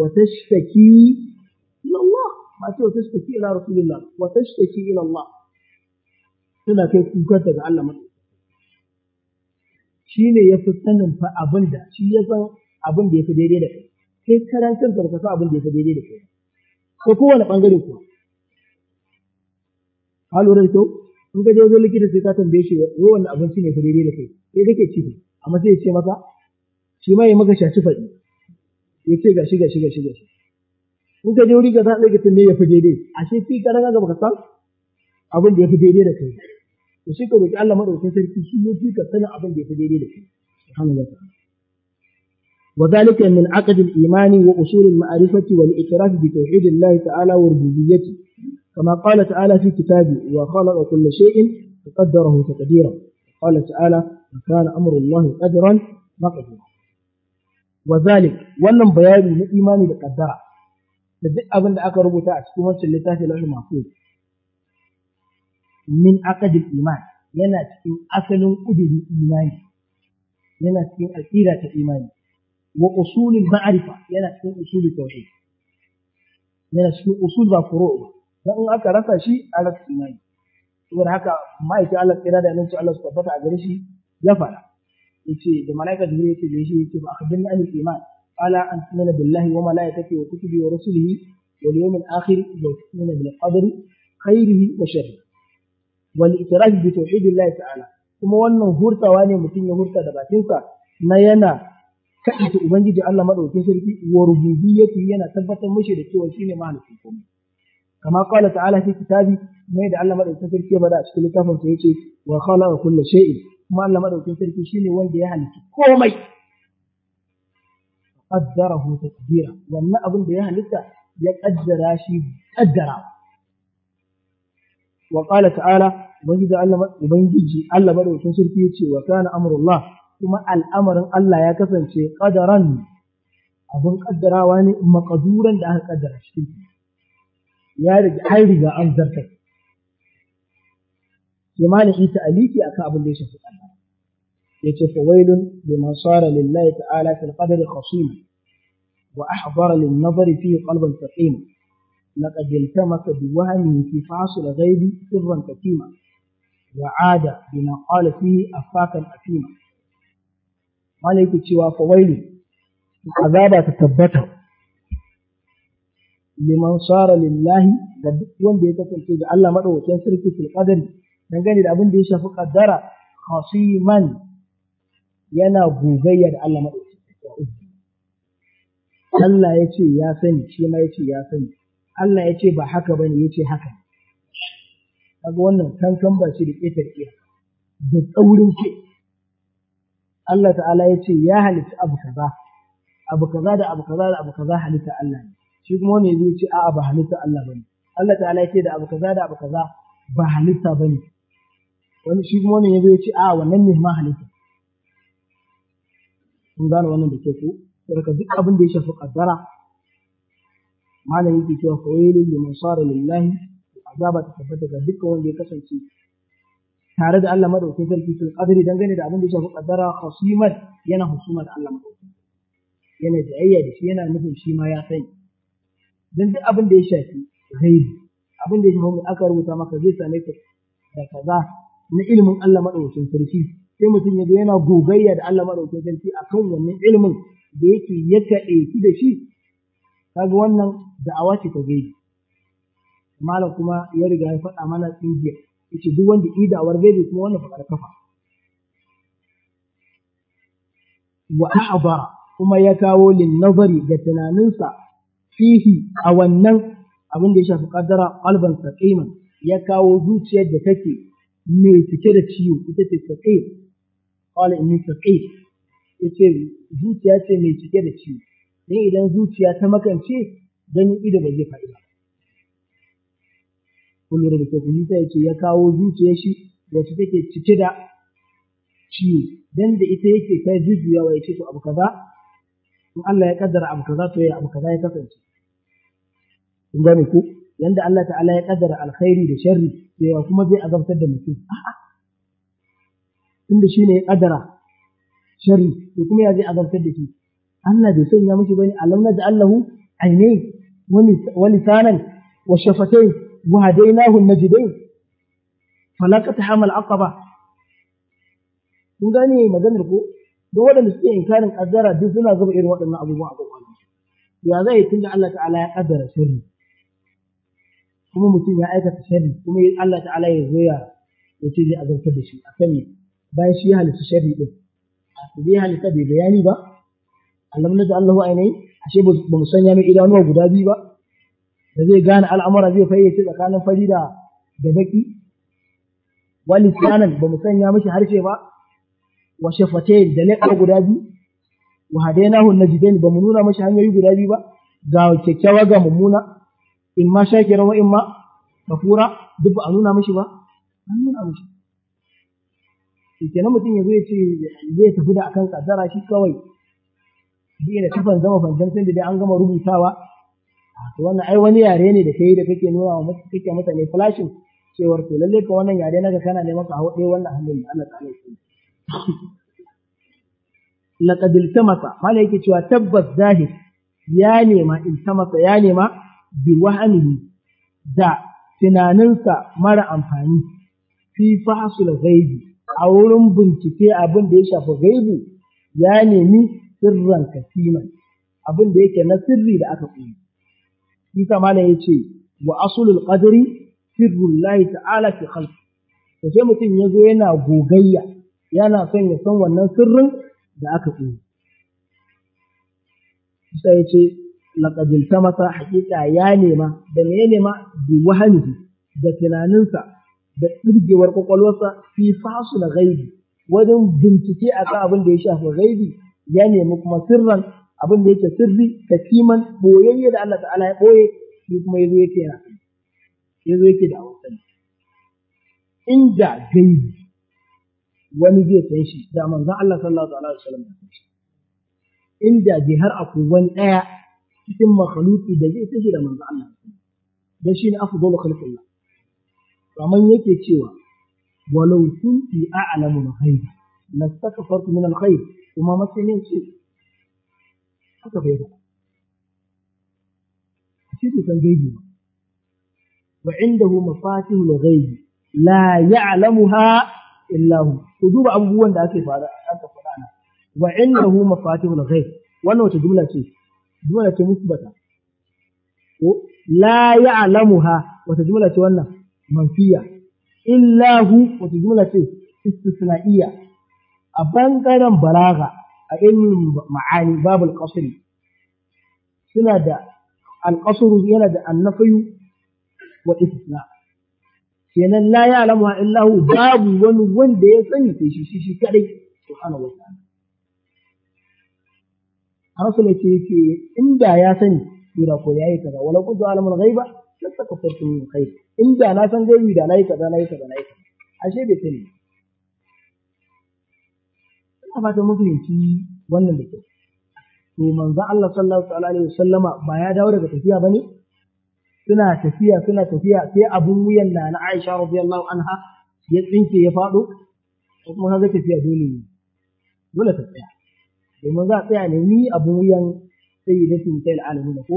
Speaker 1: wa tashtaki ila Allah ma ce wa tashtaki ila rasulillah wa tashtaki ila Allah suna kai kukar daga Allah mai shi ne ya fi sanin fa abin da shi ya san abin da ya fi daidai da kai sai karancin kanka baka san abin da ya fi daidai da kai ko kowane bangare ko ka lura da kyau in ka je wajen likita sai ka tambaye shi wani abinci ne fi daidai da kai sai kake ci amma sai ya ce maka shi ma ya maka shaci faɗi ya ce gashi gashi gashi gashi in ka je wuri ka san ɗaya ka tambaye ya fi daidai ashe fi karan kanka baka san abin da ya fi daidai da kai to sai ka roki Allah madaukakin sarki shi ya fi ka sanin abin da yake daidai da shi subhanahu wa ta'ala وذلك من عقد الإيمان وأصول المعرفة والإعتراف بتوحيد الله تعالى وربوبيته كما قال تعالى في كتابه وخلق كل شيء فقدره تقديرا قال تعالى وكان أمر الله قدرا مقدورا وذلك wannan bayani na imani da kaddara da duk abin da aka rubuta a cikin wancan littafin lahul mahfuz min aqdil iman yana cikin asalin kudurin imani yana cikin aqida ta imani wa usulul ma'rifa yana cikin usulul tauhid yana cikin usul ba furu dan in aka rasa shi a rasa imani saboda haka ma'aikin Allah tsira da annabi Allah su tabbata a gare shi ya fara yace da malaika da yake da shi yace ba akhbirni anil iman ala an tumina billahi wa malaikatihi wa kutubihi wa rusulihi wal yawmil akhir wa tu'minu bil qadri khairihi wa sharrihi wal itiraf bi tauhidillahi ta'ala kuma wannan hurtawa ne mutum ya hurta da bakinsa na yana kaɗaita ubangiji Allah madaukakin sarki wa rububiyyati yana tabbatar mishi da cewa shine mahalicin komai kama qala ta'ala fi kitabi mai da Allah madaukakin sarki ya bada a cikin littafin sa yace wa khalaqa kulla shay'in kuma Allah madaukakin sarki shine wanda ya halicci komai qaddarahu taqdira wannan abin da ya halitta ya kaddara shi kaddara wa qala ta'ala ubangiji Allah ubangiji Allah madaukakin sarki yace wa kana amrullah kuma al'amarin Allah ya kasance qadaran abun kaddarawa ne maqduran da aka kaddara shi ya riga an riga an zarta kimanin aliki akan abin da ya shafi Allah yace fa wailun liman sara lillahi ta'ala fil qadari khasima wa ahdara lin nazari fihi qalban saqima لقد التمس بوهمه في فاصل الغيب سرا كتيما وعاد بما قال فيه أفاكا أثيما قال يكي شوا عذابا تثبته liman sara lillahi da duk wanda ya kasance ga Allah madaukakin sarki fil qadari dangane da abin da ya shafi qaddara khasiman yana gogayya da Allah madaukakin Allah ya ce ya sani shi ma ya ce ya sani Allah ya ce ba haka bane ya ce haka kaga wannan kankan ba shi da ƙetare iyaka da tsaurin ke Allah ta'ala ya ce ya halitta abu kaza abu kaza da abu kaza da abu kaza halitta Allah ne shi kuma wani zai ce a'a ba halitta Allah bane Allah ta'ala ya ce da abu kaza da abu kaza ba halitta ba ne wani shi kuma wani zai ce a'a wannan ne ma halitta kun gane wannan da ke ko ka duk abin da ya shafi kaddara malam yake cewa fawailul liman sara lillahi azaba ta tabbata ga dukkan wanda ya kasance tare da Allah madaukakin sarki fil qadri dangane da abin da ya shafi qaddara khasiman yana husuma da Allah madaukakin yana jayayya da shi yana nufin shi ma ya sani dan duk abin da ya shafi ghaibi abin da ya shafi aka rubuta maka zai same ka da kaza na ilimin Allah madaukakin sarki sai mutum ya zo yana gogayya da Allah madaukakin sarki akan wannan ilimin da yake ya kaɗe da shi kaga wannan da'awa ce ta gaibi malam kuma ya riga ya faɗa mana tsingiya yace duk wanda yi da'awar gaibi kuma wannan fa kafa wa a'bara kuma ya kawo lin nazari ga tunaninsa fihi a wannan abin da ya shafi kaddara qalban saqiman ya kawo zuciyar da take mai cike da ciwo ita ce saqim qala inni saqim yace zuciya ce mai cike da ciwo dan idan zuciya ta makance ganin ido bai zai fa'ida kullu da ke kuni ta ce ya kawo zuciyar shi wacce take cike da ciwo dan da ita yake kai ya ce to abu kaza in Allah ya kaddara abu kaza to ya abu kaza ya kasance kun gane ko yanda Allah ta'ala ya kaddara alkhairi da sharri to ya kuma zai azabtar da mutum a'a tunda shine ya kaddara sharri to kuma ya zai azabtar da shi Allah bai sanya mishi bane alam na ja'allahu aine wani sanan wa shafatai wa hadainahu najdain fala ka tahamal aqaba kun gane maganar ko don waɗanda suke inkarin kaddara duk suna zuba irin waɗannan abubuwan a kwakwalwa ya zai da Allah ta'ala ya kaddara sirri kuma mutum ya aikata sharri kuma Allah ta'ala ya zo ya ce zai azabtar da shi akan ne bayan shi ya halitta sharri din zai halitta bai bayani ba alam na ja'allahu Ainihi, ashe ba mu sanya mai idanuwa guda biyu ba da zai gane al'amura zai fayyace tsakanin fari da da baki wani tsanan ba mu sanya mishi harshe ba wa shafate da leɓa guda biyu wa hadainahu najdain ba mu nuna mishi hanyoyi guda biyu ba ga kyakkyawa ga mummuna in ma shakiran wa in ma kafura duk ba a nuna mishi ba an nuna mishi kenan mutum ya zai ce zai tafi da akan kaddara shi kawai shine kafan zama fanzan sun da dai an gama rubutawa to wannan ai wani yare ne da kai da kake nuna wa masu kake masa ne flashing cewar to lalle ka wannan yare naka kana ne masa hawo dai wannan hannun da Allah ta'ala ya laqad iltamasa mala yake cewa tabbas zahir ya nema iltamasa ya nema bi wahamihi da tunaninsa mara amfani fi fasul ghaibi a wurin bincike abin da ya shafi ghaibi ya nemi sirran kasiman abin da yake na sirri da aka koyi isa ya ce wa asulul qadri sirrullahi ta'ala fi khalqi to sai mutum ya zo yana gogayya yana son ya san wannan sirrin da aka koyi isa yace laqad iltamasa haqiqa ya nema da me ya nema bi wahanihi da tunaninsa da ɗirgewar kwakwalwarsa fi fasu na gaibi wajen bincike a kan abin da ya shafi gaibi ya nemi kuma sirran abin da yake sirri da kiman boyayye da Allah ta'ala ya boye shi kuma yazo yake yana yazo yake da awasan inda gaibi wani zai san shi da manzon Allah sallallahu alaihi wasallam ya san shi inda bi har akwai wani daya cikin makhluki da zai san shi da manzon Allah dan shi ne afdalu khalqillah kamar yake cewa walau kunti a'lamu al-ghaib lastakfartu min al-khair kuma sai ce haka bai ba shi bai san gaibi ba hu indahu na gaibi la alamu ha illahu, ku duba abubuwan da ake fara aka faɗa nan wa indahu na gaibi. wannan wata jumla ce jumla ce musbata ko la ha wata jumla ce wannan manfiya illahu wata jumla ce istisna'iya a bangaren balaga a ilmin ma'ani babu alƙasiri suna da alƙasuru yana da annafayu wa istisna kenan la ya alamu illa hu babu wani wanda ya sani sai shi shi kadai subhanahu wa ta'ala rasul ce yake inda ya sani yura ko yayi kaza wala kun zo alamul ghaiba la takafurtu min khair inda na san gaibi da nayi kaza nayi kaza nayi kaza ashe bai sani a fata mun wannan da ke. to manzo Allah sallallahu alaihi sallama, ba ya dawo daga tafiya bane suna tafiya suna tafiya sai abun wuyan na na Aisha radiyallahu anha ya tsinke ya fado kuma kaga tafiya dole ne dole ta tsaya domin za a tsaya ne ni abun wuyan da sayyidatu sayyid alamin ko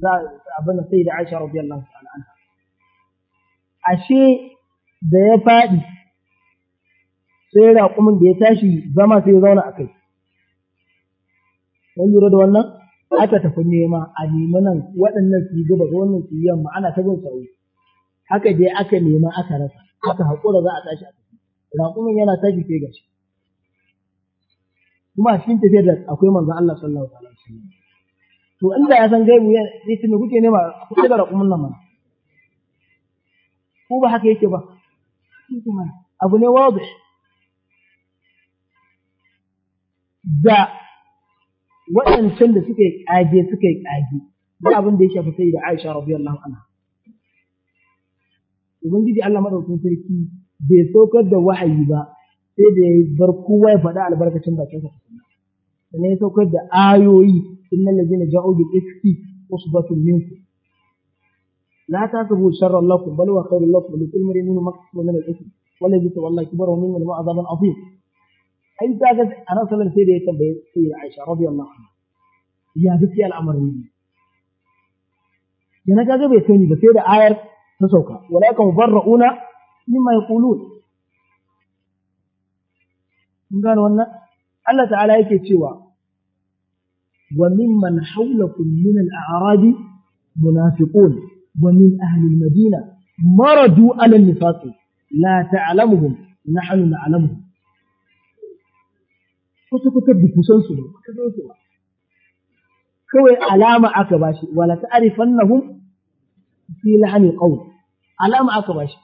Speaker 1: za a bana da Aisha radiyallahu anha ashe da ya faɗi. sai raƙumin da ya tashi zama sai ya zauna a kai Wani lura da wannan aka tafi nema a nemi nan waɗannan su yi gaba wannan su yi yamma ana ta bin sauri haka dai aka nema aka rasa aka haƙura za a tashi a tafi raƙumin yana tashi sai gashi kuma a cikin tafiyar da akwai manzo Allah sallallahu alaihi wasallam to inda ya san gaibu ya zai me kuke nema ku da raƙumin nan mana ko ba haka yake ba abu ne wazi da waɗancan da suka yi ƙage suka yi ƙage ba abin da ya shafi sai da Aisha rabu radiyallahu anha ubangiji Allah madaukakin sarki bai saukar da wahayi ba sai da ya bar kowa ya faɗa albarkacin bakin sa sannan ya saukar da ayoyi innal ladina ja'u bil ifki usbatun minkum لا تحسبوا شرا لكم بل هو خير لكم لكل امرئ منهم ما اكتسب من الاثم والذي تولى كبره منهم عذابا عظيم حيث قالت أنا صلى الله عليه وسلم سيدة عائشة رضي الله عنها يا ذكي الأمر مني جنا كذا بيسوني بس هذا آير تسوكا ولكن برؤنا مما يقولون من قال ونا الله تعالى يكي سوى وممن حولكم من الأعراب منافقون ومن أهل المدينة مردوا على النفاق لا تعلمهم نحن نعلمهم kwata kwata bukusan su ba ka san su ba kawai alama aka bashi wala hun fi lahani qawl alama aka ba shi.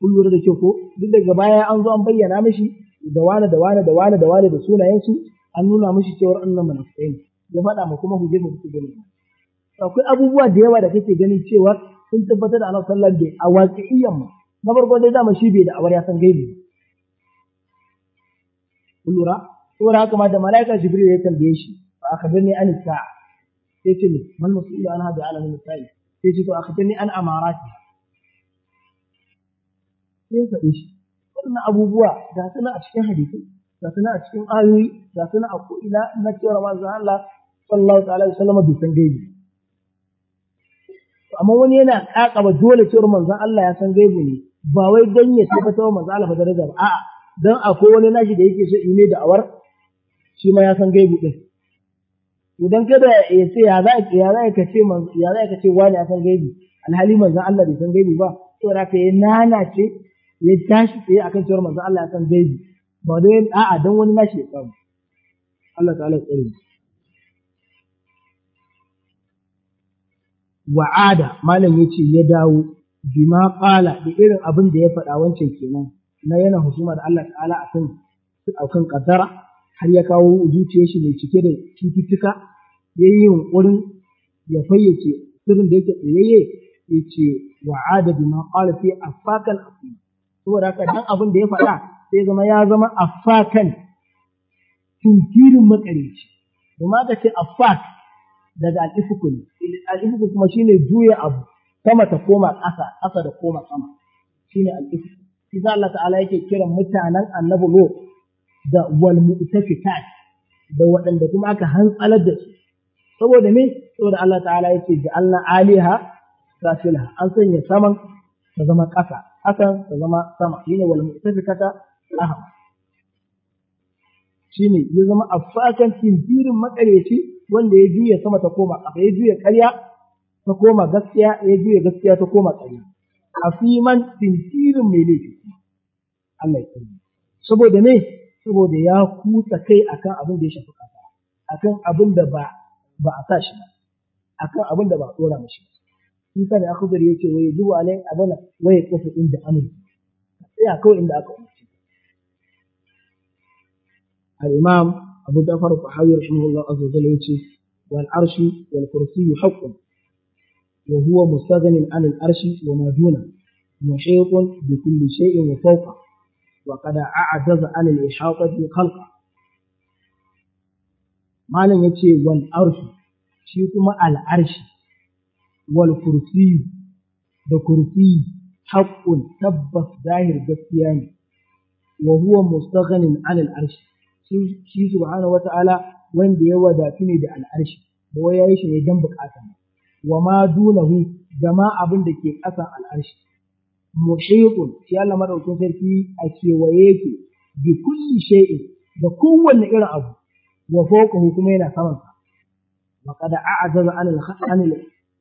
Speaker 1: kun da kyau ko duk daga baya an zo an bayyana mishi da wane da wane da wane da wane da sunayensu an nuna mishi cewar annan munafikai ne ya faɗa ma kuma hujjar da gani akwai abubuwa da yawa da kake ganin cewa sun tabbatar da Allah sallallahu a waqi'iyyan ma na farko dai dama shi bai da awar ya san gaibi kullura saboda haka ma da malaika jibril ya tambaye shi fa akhbirni an sa'a sai ce mal mas'ulu an hada ala min sa'i sai ce to akhbirni an amarati sai ya faɗi shi wannan abubuwa ga suna a cikin hadisi ga suna a cikin ayoyi ga suna a ko'ina na cewa manzon Allah sallallahu ta'ala alaihi wasallam bai gaibi amma wani yana kakaba dole cewar manzon Allah ya san gaibu ne ba wai don ya tabbatar manzon Allah ba daraja ba a'a don akwai wani nashi da yake so in mai da'awar shi ma ya san gaibu din idan kada ya ce ya za ya za ka ce ya za ka ce wani ya san gaibu alhali manzon Allah bai san gaibu ba to da ka yi nana ce ya tashi tsaye akan cewar manzon Allah ya san gaibu ba dai a'a dan wani nashi ya samu Allah ta'ala ya tsare wa'ada malam yace ya dawo bima qala da irin abin da ya faɗa wancan kenan na yana husuma da Allah ta'ala akan akan kaddara har ya kawo zuciyar shi mai cike da cututtuka ya yi yunkurin ya fayyace sirrin da yake tsayayye ya ce wa ada bima qala fi afakan asima saboda haka dan abin da ya faɗa sai zama ya zama afakan tunkirin makareci kuma ka ce afak daga al'ifuku ne al'ifuku kuma shine juya abu sama ta koma ƙasa ƙasa da koma sama shine al'ifuku Isa Allah ta'ala yake kiran mutanen annabi Lo da wal mu'tafikat da waɗanda kuma aka hantsalar da su. Saboda me? Saboda Allah ta'ala yake ga Allah aliha rasulha an sanya saman ta zama ƙasa, hakan ta zama sama shine wal mu'tafikata aha Shine ya zama afakan tinjirin makareci wanda ya juya sama ta koma ƙasa, ya juya ƙarya ta koma gaskiya, ya juya gaskiya ta koma ƙarya. asiman tintirin mai laifi Allah ya saboda ne saboda ya kusa kai akan abin da ya shafi kafa akan abin da ba a sa shi ba akan abin da ba a tsora mashi ba da aka ne yake waye zuwa alai abana waye yaqifu inda sai a kawai inda aka umarci al-imam abu jafar qahawi rahimahullah azza wa jalla yace wal arshu wal kursiyyu haqqun وهو مستغن عن العرش وما دونه محيط بكل شيء وفوقه وقد أعجز عن الإحاطة خلقه malam ya ce wal shi kuma al'arshi wal kursiyu da kursiyu haƙƙun tabbas zahir gaskiya ne wa huwa mustaghanin anil arshi shi wata ala wanda ya wadatu ne da al'arshi da wai dan bukata wa ma dunahu da ma abin da ke ƙasan al'arshi muhitun shi Allah madaukakin sarki a kewaye yake bi kulli shay'in da kowanne irin abu wa fawqahu kuma yana saman sa wa qad a'jaza an al-khalqi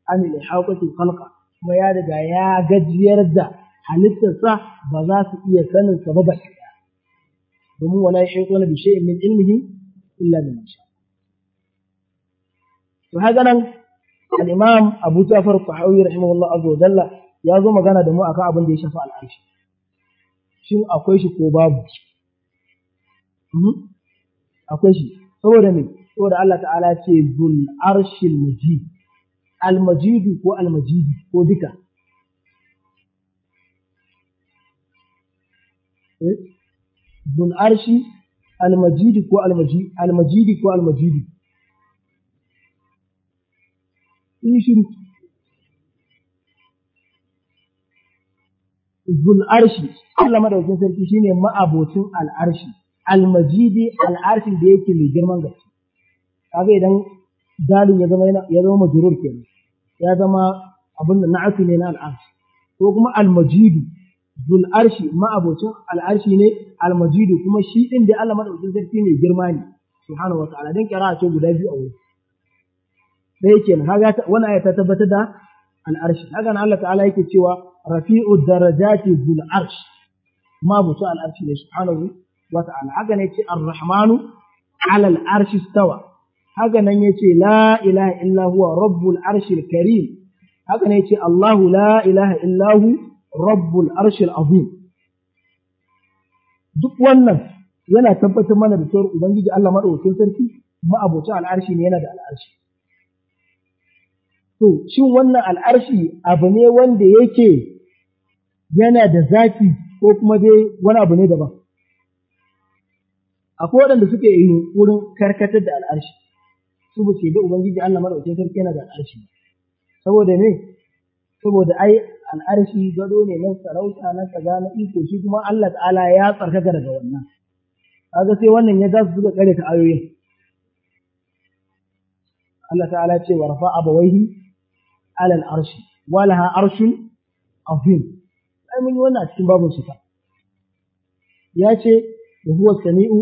Speaker 1: an al khalqa kuma ya daga ya gajiyar da halittarsa ba za su iya sanin sa ba baki domin wala yahituna bi shay'in min ilmihi illa bima sha to haka nan Alimam imam abu jafar tahawi rahimahullah azza wa ya zo magana da mu akan abin da ya shafa al'arshi shin akwai shi ko babu hmm? akwai shi saboda me saboda Allah ta'ala ce zul arshil majid al majid ko al majid ko duka eh? zul arshi al majid ko al majid al majid ko al majid sun yi shiru zul arshi Allah madaukakin sarki shine ma'abocin al'arshi almajidi al'arshi da yake mai girman gaske kaga idan dalil ya zama ya zama majrur kenan ya zama abin da na'atu ne na al'arshi ko kuma almajidu zul arshi ma'abocin al'arshi ne Al-majidi, kuma shi din da Allah madaukakin sarki mai girma ne subhanahu wa ta'ala dan kira ce guda biyu a wurin ɗaya kenan haka wani aya ta tabbatar da al'arshi haka Allah ta'ala yake cewa rafi'u darajati zul arsh ma buta al'arshi ne subhanahu wa ta'ala haka ne ce ar-rahmanu ala al'arshi stawa haka nan yace la ilaha illa huwa rabbul arshil karim haka ne yace Allahu la ilaha illa hu rabbul arshil azim duk wannan yana tabbatar mana da cewar ubangiji Allah madaukakin sarki ma'abocin al'arshi ne yana da al'arshi to shin wannan al'arshi abu ne wanda yake yana da zafi ko kuma dai wani abu ne daban akwai waɗanda suke yi wurin karkatar da al'arshi su ba su yi ubangiji Allah madaukakin sarki yana da al'arshi saboda ne saboda ai al'arshi gado ne na sarauta na kaza na iko shi kuma Allah ta'ala ya tsarkaka daga wannan kaga sai wannan ya su suka ƙare ta ayoyin Allah ta'ala ce wa rafa abawaihi ala al-arshi walaha arshun azim ai mun yi wannan a cikin babun sifa ya ce wa huwa samiu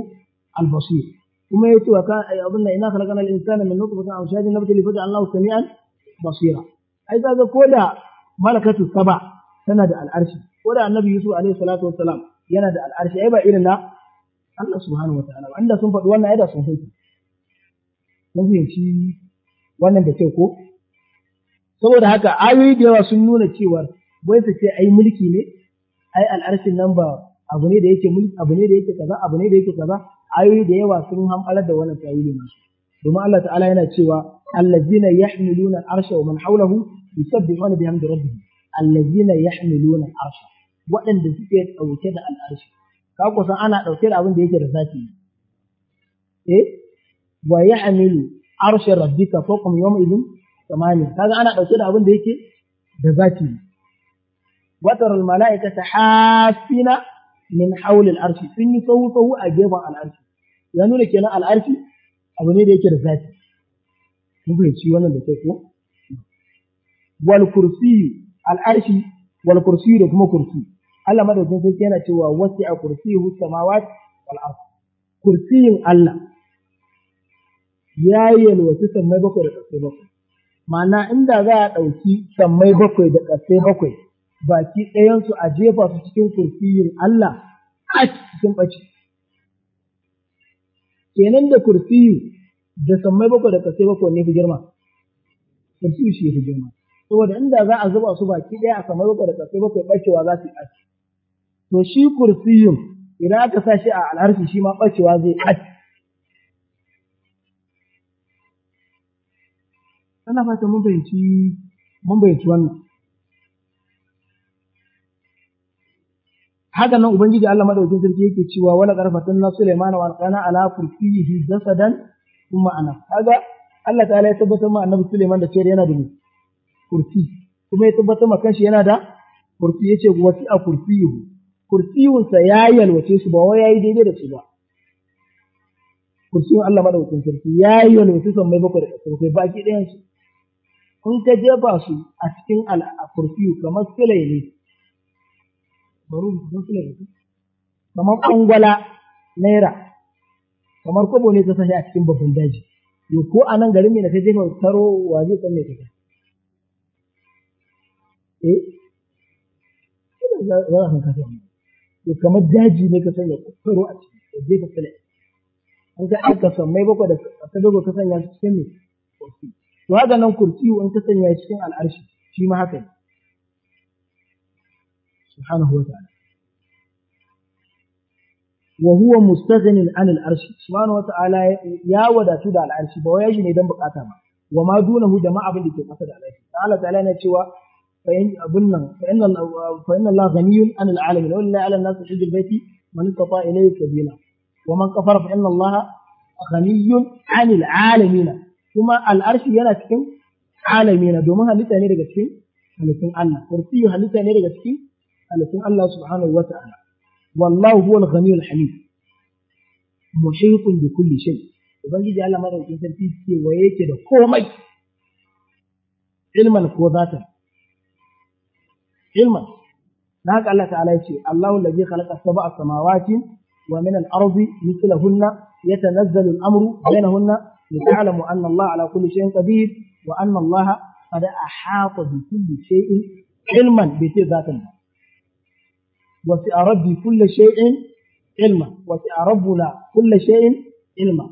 Speaker 1: al-basir kuma ya ce wa kan abin da ina khalaqana al-insana min nutfatin amshajin nabtali fa ja'alnahu samian basira ai kaga ko da malakatu saba tana da al'arshi ko da annabi yusuf alaihi salatu wassalam yana da al'arshi ai ba irin na Allah subhanahu wa ta'ala inda sun faɗi wannan ai da sun huta mun fahimci wannan da kyau ko saboda haka ayoyi da yawa sun nuna cewa wai ta ce ai mulki ne ai al'arshin nan ba abu ne da yake mulki abu ne da yake kaza abu ne da yake kaza ayoyi da yawa sun hamɓarar da wannan tawili nasu domin Allah ta'ala yana cewa allazina yahmiluna al'arsha wa man hawlahu yusabbihuna bihamdi rabbihim allazina yahmiluna al'arsha waɗanda suke ɗauke da al'arshi ka kusa ana ɗauke da abin da yake da zafi eh wa yahmilu arsha rabbika fawqahum yawma idhin samani kaga ana dauke da abin da yake da zati watar al malaikata hafina min hawl al arshi sun yi sahu sahu a gefen al'arshi. ya nuna kenan al'arshi arshi abu ne da yake da zati kun fahimci wannan da kai ko wal kursiyu al'arshi, arshi wal kursiyu da kuma kursi Allah madaukakin sarki yana cewa wasi'a kursiyuhu samawati wal ardh kursiyin Allah ya yi yalwaci sammai bakwai da ƙasai bakwai Ma'ana inda za a ɗauki sammai bakwai da ƙasai bakwai, baki ɗayansu a jefa su cikin kurfiyin Allah, a cikin ɓace. Kenan da kurfiyu da sammai bakwai da ƙasai bakwai ne fi girma. Kurfiyu shi fi girma. Saboda inda za a zuba su baki ɗaya a sammai bakwai da ƙasai bakwai ɓacewa za su yi ɓace. To shi kurfiyun idan aka sa shi a alharfi shi ma ɓacewa zai ɓace. Ina fata mun fahimci mun wannan. Haka nan Ubangiji Allah madaukakin sarki yake cewa wala qarfatan na Sulaiman wa alqana ala kursiyihi jasadan kuma ana. Kaga Allah ta'ala ya tabbatar ma Annabi Sulaiman da cewa yana da kursi kuma ya tabbatar ma kanshi yana da kursi yace wasi a kursiyun sa ya yalwace shi ba wai yayi daidai da shi ba. kursiyun Allah madaukakin sarki ya yi wani mai bakwai da ƙasa bakwai baki ɗayan su in ka jefa su a cikin al'akurfiyu kamar silai ne baro don silai ne kamar kwangwala naira kamar kobo ne ka sashi a cikin babban daji yau ko a nan garin ne na ta jefa taro wa zai san me kake eh za a san ka san to kamar daji ne ka sanya karo a ciki da jefa silai an ka aka san mai bakwai da ka dogo ka sanya cikin me to haka nan kursiyu in ka sanya cikin al'arshi shi ma haka ne subhanahu wa ta'ala wa huwa mustaghnin an al'arshi subhanahu wa ta'ala ya wadatu da al'arsh ba wai shi ne dan bukata ba wa ma dunahu da abin da ke kasa da al'arsh ta'ala ta'ala na cewa fa in abun nan fa inna fa inna Allah ghaniyun an al'alamin wa lillahi 'ala an-nasi hajjul baiti man istata ilayhi sabila wa man kafara fa inna Allah ghaniyun 'anil 'alamin kuma al'arshi yana cikin na, domin halitta ne daga cikin halittun Allah kursiyu halitta ne daga cikin halittun Allah subhanahu wa ta'ala wallahu huwal ghaniyul hamid mushayikun bi kulli shay ubangiji Allah madaukakin sarki ke waye yake da komai ilman ko zatan ilman da haka Allah ta'ala ya ce Allahu allazi khalaqa sab'a samawati wa min al-ardi mithlahunna yatanazzalu al-amru bainahunna لتعلموا أن الله على كل شيء قدير وأن الله قد أحاط بكل شيء علما بيت ذات الله وسع ربي كل شيء علما وسع ربنا كل شيء علما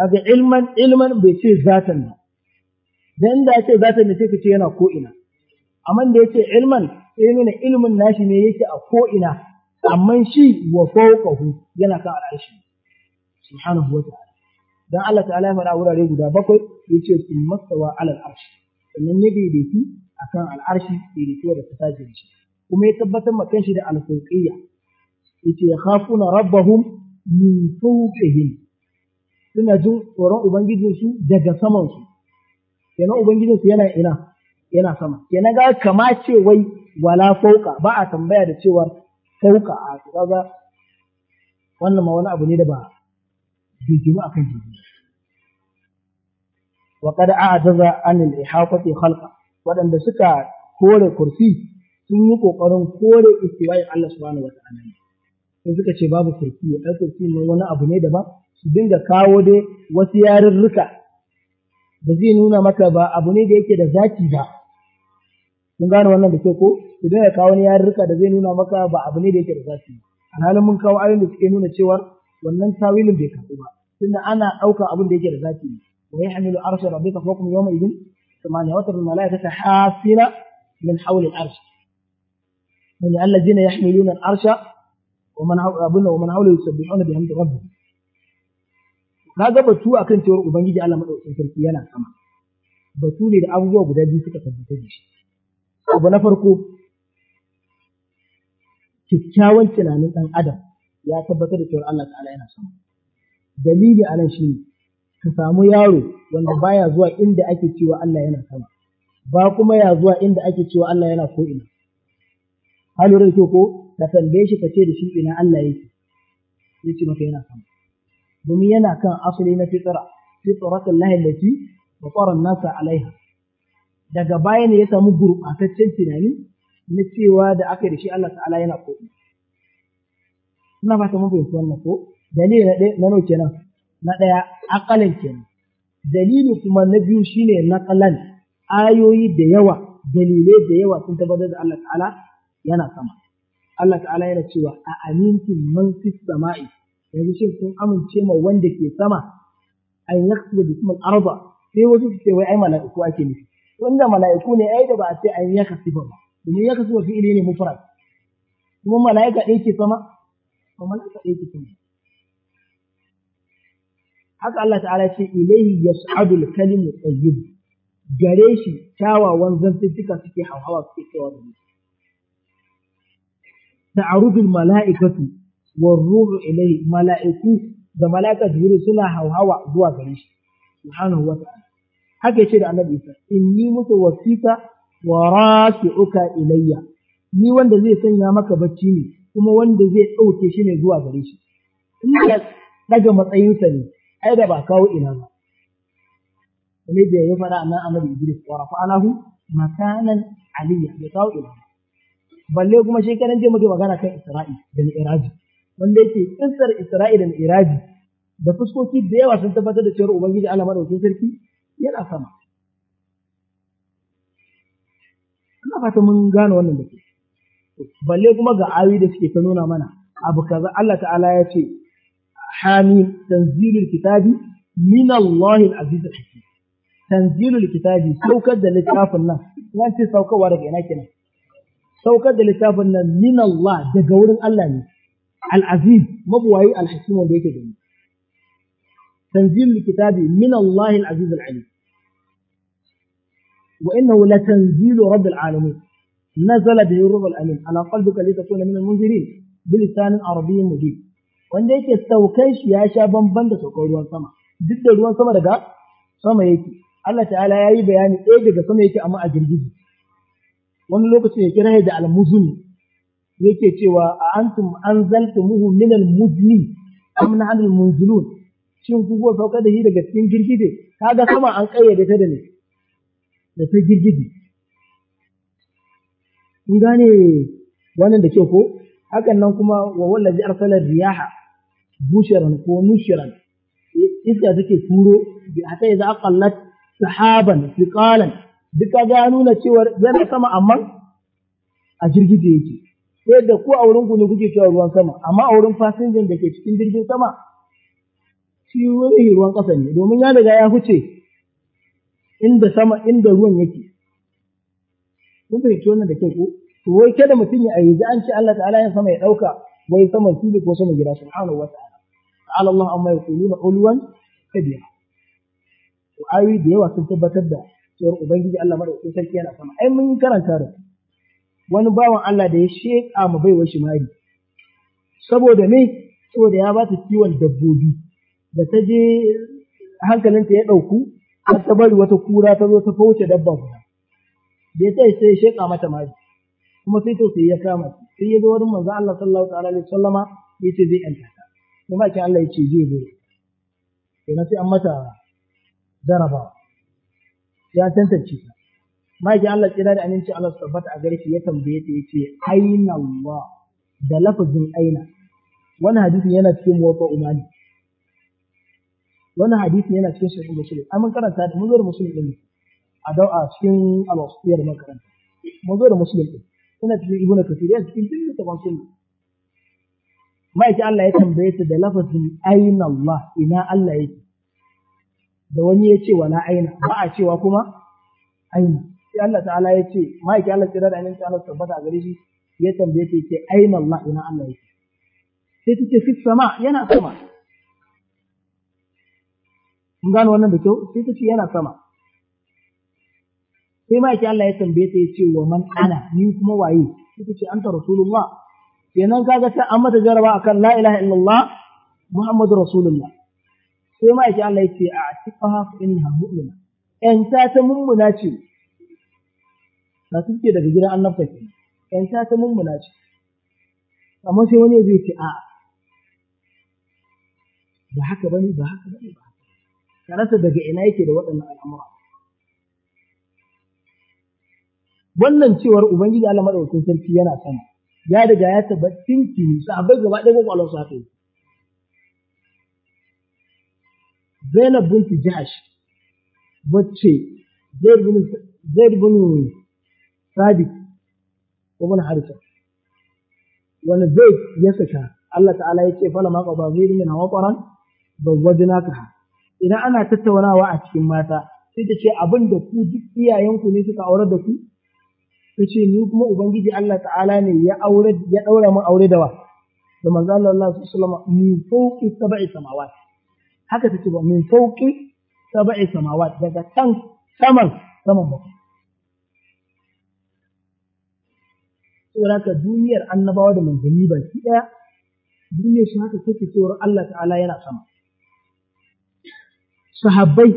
Speaker 1: هذا علما علما بيت ذات الله dan da ce zata ne sai ka ce yana ko ina amma da yace ilman sai nuna ilmin nashi ne yake a ko ina amma shi wa fawqahu yana kan al'arshi subhanahu wa ta'ala dan Allah ta'ala ya faɗa wurare guda bakwai yace sun masawa alal arshi sannan ya daidaitu akan al'arshi daidaituwar da ta da shi kuma ya tabbatar ma kanshi da alfauqiyya yace yakhafuna rabbahum min fawqihim suna jin tsoron ubangijinsu daga saman su kenan ubangijinsu yana ina yana sama kenan ga kama ce wai wala fauka ba a tambaya da cewar fauka a kaga wannan ma wani abu ne da ba jijiru akan jijiru wa qad a'jaza an al-ihaqati khalqa suka kore kursi sun yi ƙoƙarin kore istiwa'in Allah subhanahu wata'ala sai suka ce babu kursi ya ɗan kursi ne wani abu ne daban su dinga kawo dai wasu yarurruka da zai nuna maka ba abu ne da yake da zaki ba kun gane wannan da ke ko su dinga kawo wani yarurruka da zai nuna maka ba abu ne da yake da zaki A alhalin mun kawo ayin da suke nuna cewar? wannan tawilin bai kafu ba tunda ana dauka abin da yake da zaki ne wa yahmilu arsha rabbika fawqakum yawma idin samaniya wa tarul malaikata hafina min hawli al-arsh yani alladhina yahmiluna al-arsha wa man hawla abuna wa man hawla yusabbihuna bihamdi rabbihim kaga batu akan cewar ubangiji Allah madaukakin sarki yana sama batu ne da abubuwa guda biyu suka tabbata da shi abu na farko kikkiawan tunanin dan adam ya tabbatar da cewa Allah ta'ala yana sama dalili anan ne ka samu yaro wanda baya zuwa inda ake cewa Allah yana sama ba kuma ya zuwa inda ake cewa Allah yana ko ina halura ke ko ka tambaye shi ka ce da shi ina Allah yake Ya ce maka yana sama domin yana kan asali na fitsara, fitratul lahi da tsoron nasa alaiha daga baya ne ya samu gurɓataccen tunani na cewa da aka da shi Allah ta'ala yana ko ina suna fata mafi fahimci wannan ko Dalilin na na nau kenan na ɗaya akalan kenan dalili kuma na biyu shine ƙalan ayoyi da yawa dalilai da yawa sun tabbatar da Allah ta'ala yana sama Allah ta'ala yana cewa a amintin man fis sama'i yanzu shin kun amince ma wanda ke sama an yaksubu da kuma arba sai wasu su ce wai ai mala'iku ake nufi wanda mala'iku ne ai da ba a ce an sifa ba domin yaka sifa fi'ili ne mufrad kuma mala'ika ɗin ke sama to mala'ika ɗaya take ne haka Allah ta'ala ce ilaihi yas'adul kalimu tayyib gare shi kyawawan zantuttuka suke hauhawa suke kaiwa da mutum ta'arudul mala'ikatu war ruhu ilaihi mala'iku da mala'ika jibril suna hauhawa zuwa gare shi subhanahu wa ta'ala haka yace da annabi isa inni mutawaffika wa rasu uka ilayya ni wanda zai sanya maka bacci ne kuma wanda zai ɗauke shi ne zuwa gare shi in da daga matsayinsa ne ai da ba kawo ina ba Kame da ya fara nan annabi Idris wa rafa'anahu makanan aliyya bai kawo ina ba balle kuma shekaran jiya muke magana kan Isra'i da Mi'raji wanda yake kissar Isra'i da Mi'raji da fuskoki da yawa sun tabbatar da cewa Ubangiji Allah madaukakin sarki yana sama ina fata mun gane wannan da ke balle kuma ga ayoyi da suke ta nuna mana abu kaza Allah ta'ala ya ce hamim tanzilul kitabi min al aziz hakim tanzilul kitabi saukar da littafin nan nan ce saukarwa daga ina kenan saukar da littafin nan min Allah daga wurin Allah ne al-aziz mabuwayi al-hakim wanda yake gani tanzilul kitabi min Allahil aziz al-alim wa innahu latanzilu rabbil alamin nazala da ruhul amin ala qalbika litakuna minal munzirin bilisanin arabiyyin mubin wanda yake saukan shi ya sha bamban da saukar ruwan sama duk da ruwan sama daga sama yake Allah ta'ala ya yi bayani ɗaya daga sama yake amma a girgiji wani lokacin ya kira da almuzuni yake cewa a antum anzaltumuhu min almuzni am nahnu almunzilun shin ku ko sauka da shi daga cikin girgije kaga sama an kayyade ta da ne da ta girgije kun gane wannan da ke ko hakan nan kuma wa wallazi arsala riyaha bushiran ko mushiran iska take turo hatta idza aqallat sahaban thiqalan duka ga nuna cewa yana sama amma a jirgije yake sai da ku a wurin ku ne kuke cewa ruwan sama amma a wurin fasinjan da ke cikin jirgin sama shi wani ruwan ƙasa ne domin ya daga ya huce inda sama inda ruwan yake kun fahimci wannan da kyau ko to wai kada mutum ya ayyaji an ce Allah ta'ala ya sama ya dauka wai saman fili ko saman gida subhanahu wa ta'ala ta'ala Allah amma ya yaquluna ulwan kadiya. to ayi da yawa sun tabbatar da cewa ubangiji Allah madaukakin sarki yana sama ai mun karanta da wani bawan Allah da ya sheka ma baiwar shi mari saboda me saboda ya ba ta kiwon dabbobi da ta je hankalinta ya dauku har ta bari wata kura ta zo ta fauce dabba guda da sai sai sheka mata mari kuma sai to sai ya kama sai ya zo wurin manzo Allah sallallahu ta'ala alaihi wasallama yace zai yanta ta kuma kin Allah yace zai zo na sai an mata daraba ya tantance ta maki Allah tsira da aminci Allah tabbata a gare shi ya tambaye ta yace aina Allah da lafazin aina wani hadisi yana cikin muwatta umani wani hadisi yana cikin sahih muslim amma karanta da mun zo da muslim din a dau a cikin al-wasfiyya da makaranta mun zo da muslim din suna cikin ibn kathir yana cikin dukkan littafan sunna ma'aikin Allah ya tambaye ta da lafazin aina Allah ina Allah yake da wani ya ce wala aina ba a cewa kuma aina sai Allah ta'ala ya ce ma'aikin Allah tsira da ainihin ta'ala tabbata a gare shi ya tambaye ta ce aina Allah ina Allah yake sai ta ce fit sama yana sama kun gano wannan da kyau sai ta ce yana sama sai ma yake Allah ya tambaye ta yace wa man ana ni kuma waye kike ce anta rasulullah kenan kaga sai an mata jaraba akan la ilaha illallah muhammadur rasulullah sai ma yake Allah yace a tifaha fa innaha mu'mina yan ta ta mummuna ce na suke daga gidan annabta ke yan ta ta mummuna ce amma sai wani zai ce a ba haka bane ba haka bane ba karanta daga ina yake da waɗannan al'amura wannan cewar ubangiji Allah madaukakin sarki yana sama ya daga ya tabbatin ki sahabbai gaba ɗaya ko Allah su haka Zainab bint Jahsh wacce Zaid bin Zaid bin Sadiq ibn Haritha wani Zaid ya saka Allah ta'ala ya ce fala ma qaba ghayrin min waqaran zawwajnaka idan ana tattaunawa a cikin mata sai ta ce abin da ku duk iyayenku ne suka aurar da ku ce ni kuma ubangiji Allah ta'ala ne ya aure ya daura mu aure da wa da manzo Allah sallallahu alaihi wasallam min fawqi sab'i samawat haka take ba min fawqi sab'i samawat daga can saman saman ba saboda ka duniyar annabawa da manzanni baki daya duniyar shi haka take cewar Allah ta'ala yana sama sahabbai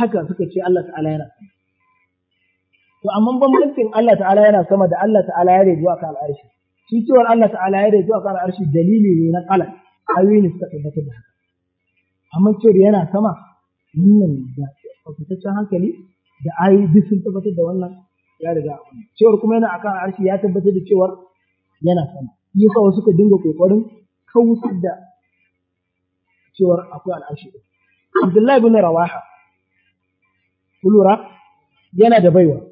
Speaker 1: haka suka ce Allah ta'ala yana sama to amma bambancin Allah ta'ala yana sama da Allah ta'ala ya rejuwa kan al'arshi shi cewar Allah ta'ala ya rejuwa kan al'arshi dalili ne na kalan ayoyi ne suka tabbatar da haka amma cewar yana sama wannan da kwakwataccen hankali da ayoyi duk sun tabbatar da wannan ya riga a wannan cewar kuma yana akan al'arshi ya tabbatar da cewar yana sama shi yasa wasu ka dinga kokarin kawusar da cewar akwai al'arshi Abdullahi bin Rawaha kulura yana da baiwa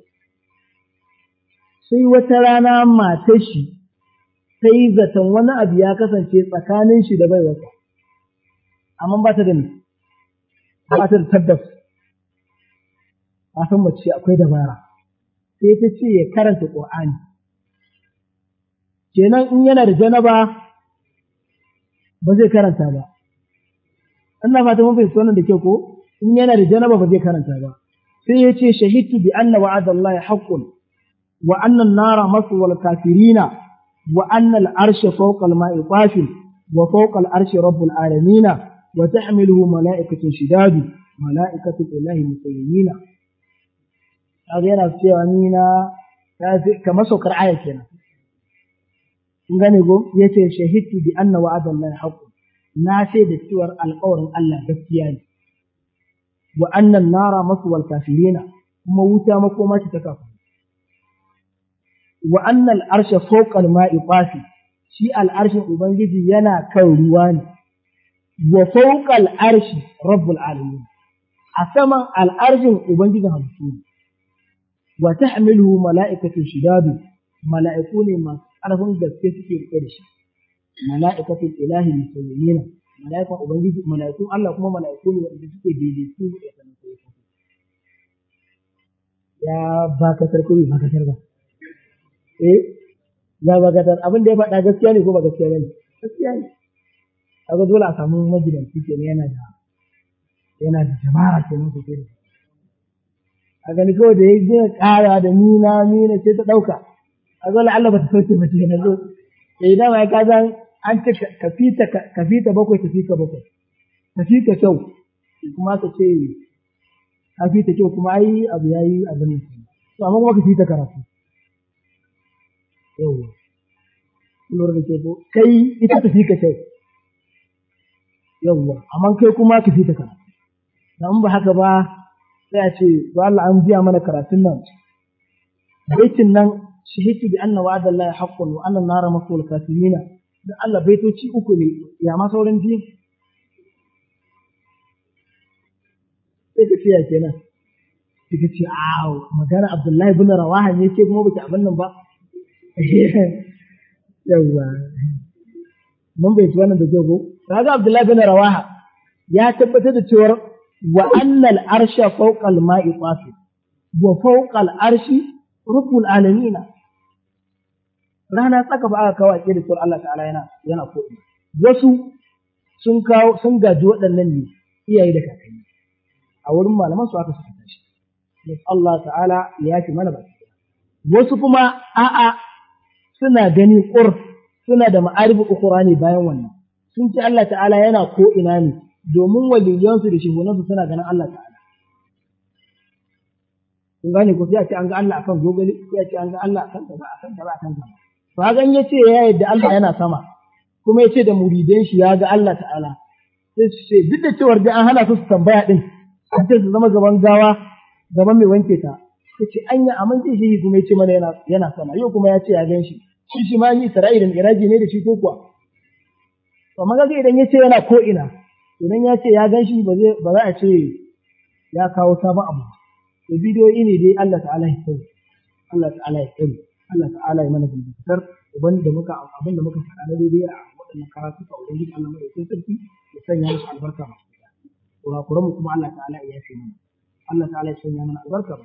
Speaker 1: sai wata rana matar shi ta yi zaton wani abu ya kasance tsakanin shi da baiwarsa amma ba ta da ni ba ta da tabbas san mace akwai dabara sai ta ce ya karanta ƙo'ani. kenan in yana da janaba ba zai karanta ba ina fata mun fahimci wannan da ke ko in yana da janaba ba zai karanta ba sai ya ce shahidtu bi Annaba wa'ada ya haqqun wa annan nara maswal kafirina wa annal arsha fawqa al-ma'i qafil wa fawqa al-arshi rabbul alamin wa tahmiluhu mala'ikatun shidadu mala'ikatul ilahi musayyimina kaga yana cewa ni na kamar saukar aya kenan in gane go yace shahidtu bi anna wa'adallahi haqq na sai da cewar alƙawarin Allah gaskiya ne Wa'annan nara kuma wuta makoma ta wa annal arsha fawqal ma'i qafi shi al'arshin ubangiji yana kan ruwa ne wa fawqal arshi rabbul alamin a saman al'arshin Ubangiji halittu wa tahmiluhu mala'ikatu shidadu mala'iku ne masu ƙarfin gaske suke rike da shi mala'ikatul ilahi musayyimina mala'ikun ubangiji mala'ikun Allah kuma mala'iku ne wanda suke daidaitu da sanin ya ba ka tarko ba ka tarba eh ya bagatar abin da ya faɗa gaskiya ne ko ba gaskiya ne gaskiya ne kaga dole a samu magidanci ke yana da yana da jama'a kenan ko kenan a gani kawai da ya je ƙara da nuna nuna sai ta ɗauka a zo Allah ba ta sauke ba ce na sai eh dama ka kazan an ce kafita kafita bakwai kafita bakwai kafita kyau kuma ka ce kafita kyau kuma ai abu yayi abin to amma kuma ka karatu yawwa lura da ke ko kai ita tafi ka kyau yawwa amma kai kuma ka fita ta karatu dan ba haka ba sai a ce ba Allah an biya mana karatun nan baitin nan shahidu bi anna wa'ada Allah haqqun wa anna an-nara maful kafirina da Allah baitoci uku ne ya ma sauran biyu sai ka ce ya kenan sai ka ce a'a magana Abdullahi ibn Rawaha ne ce kuma baki abin nan ba yawwa mun bai ci wannan da kyau ko kaga abdullahi bin rawaha ya tabbatar da cewar wa annal arsha fawqa mai qafi wa fawqa arshi rabbul alamina. rana tsaka ba aka kawo a da cewar Allah ta'ala yana yana ko wasu sun kawo sun gaji waɗannan ne iyaye da kakanni a wurin malaman su aka suka tashi Allah ta'ala ya fi mana ba. wasu kuma a'a suna gani ƙur suna da ma'arifu ukura ne bayan wannan sun ce Allah ta'ala yana ko ina ne domin waliyansu da shehunansu suna ganin Allah ta'ala kun gane ko sai a ce an ga Allah akan gogale sai a ce an ga Allah akan kan akan a akan kaza to ga ya ce ya yadda Allah yana sama kuma ya ce da muridan shi ya ga Allah ta'ala sai su ce duk da cewar dai an hana su su tambaya din sai su zama gaban gawa gaban mai wanke ta kace anya amman zai shi kuma yace mana yana yana sama yau kuma yace ya gan shi shi shi ma ni Isra'ila da iraji ne da shi ko kuwa to amma kaga idan yace yana ko ina to dan yace ya gan shi ba zai ba za a ce ya kawo sabon abu to bidiyo ne dai Allah ta'ala ya kai Allah ta'ala ya kai Allah ta'ala ya mana bincikar uban da muka abin da muka faɗa na daidai a waɗannan karatu ka ubangiji Allah mai sarki ya sanya musu albarka ba. kurakuranmu kuma Allah ta'ala ya yafe mana Allah ta'ala ya sanya mana albarka ba.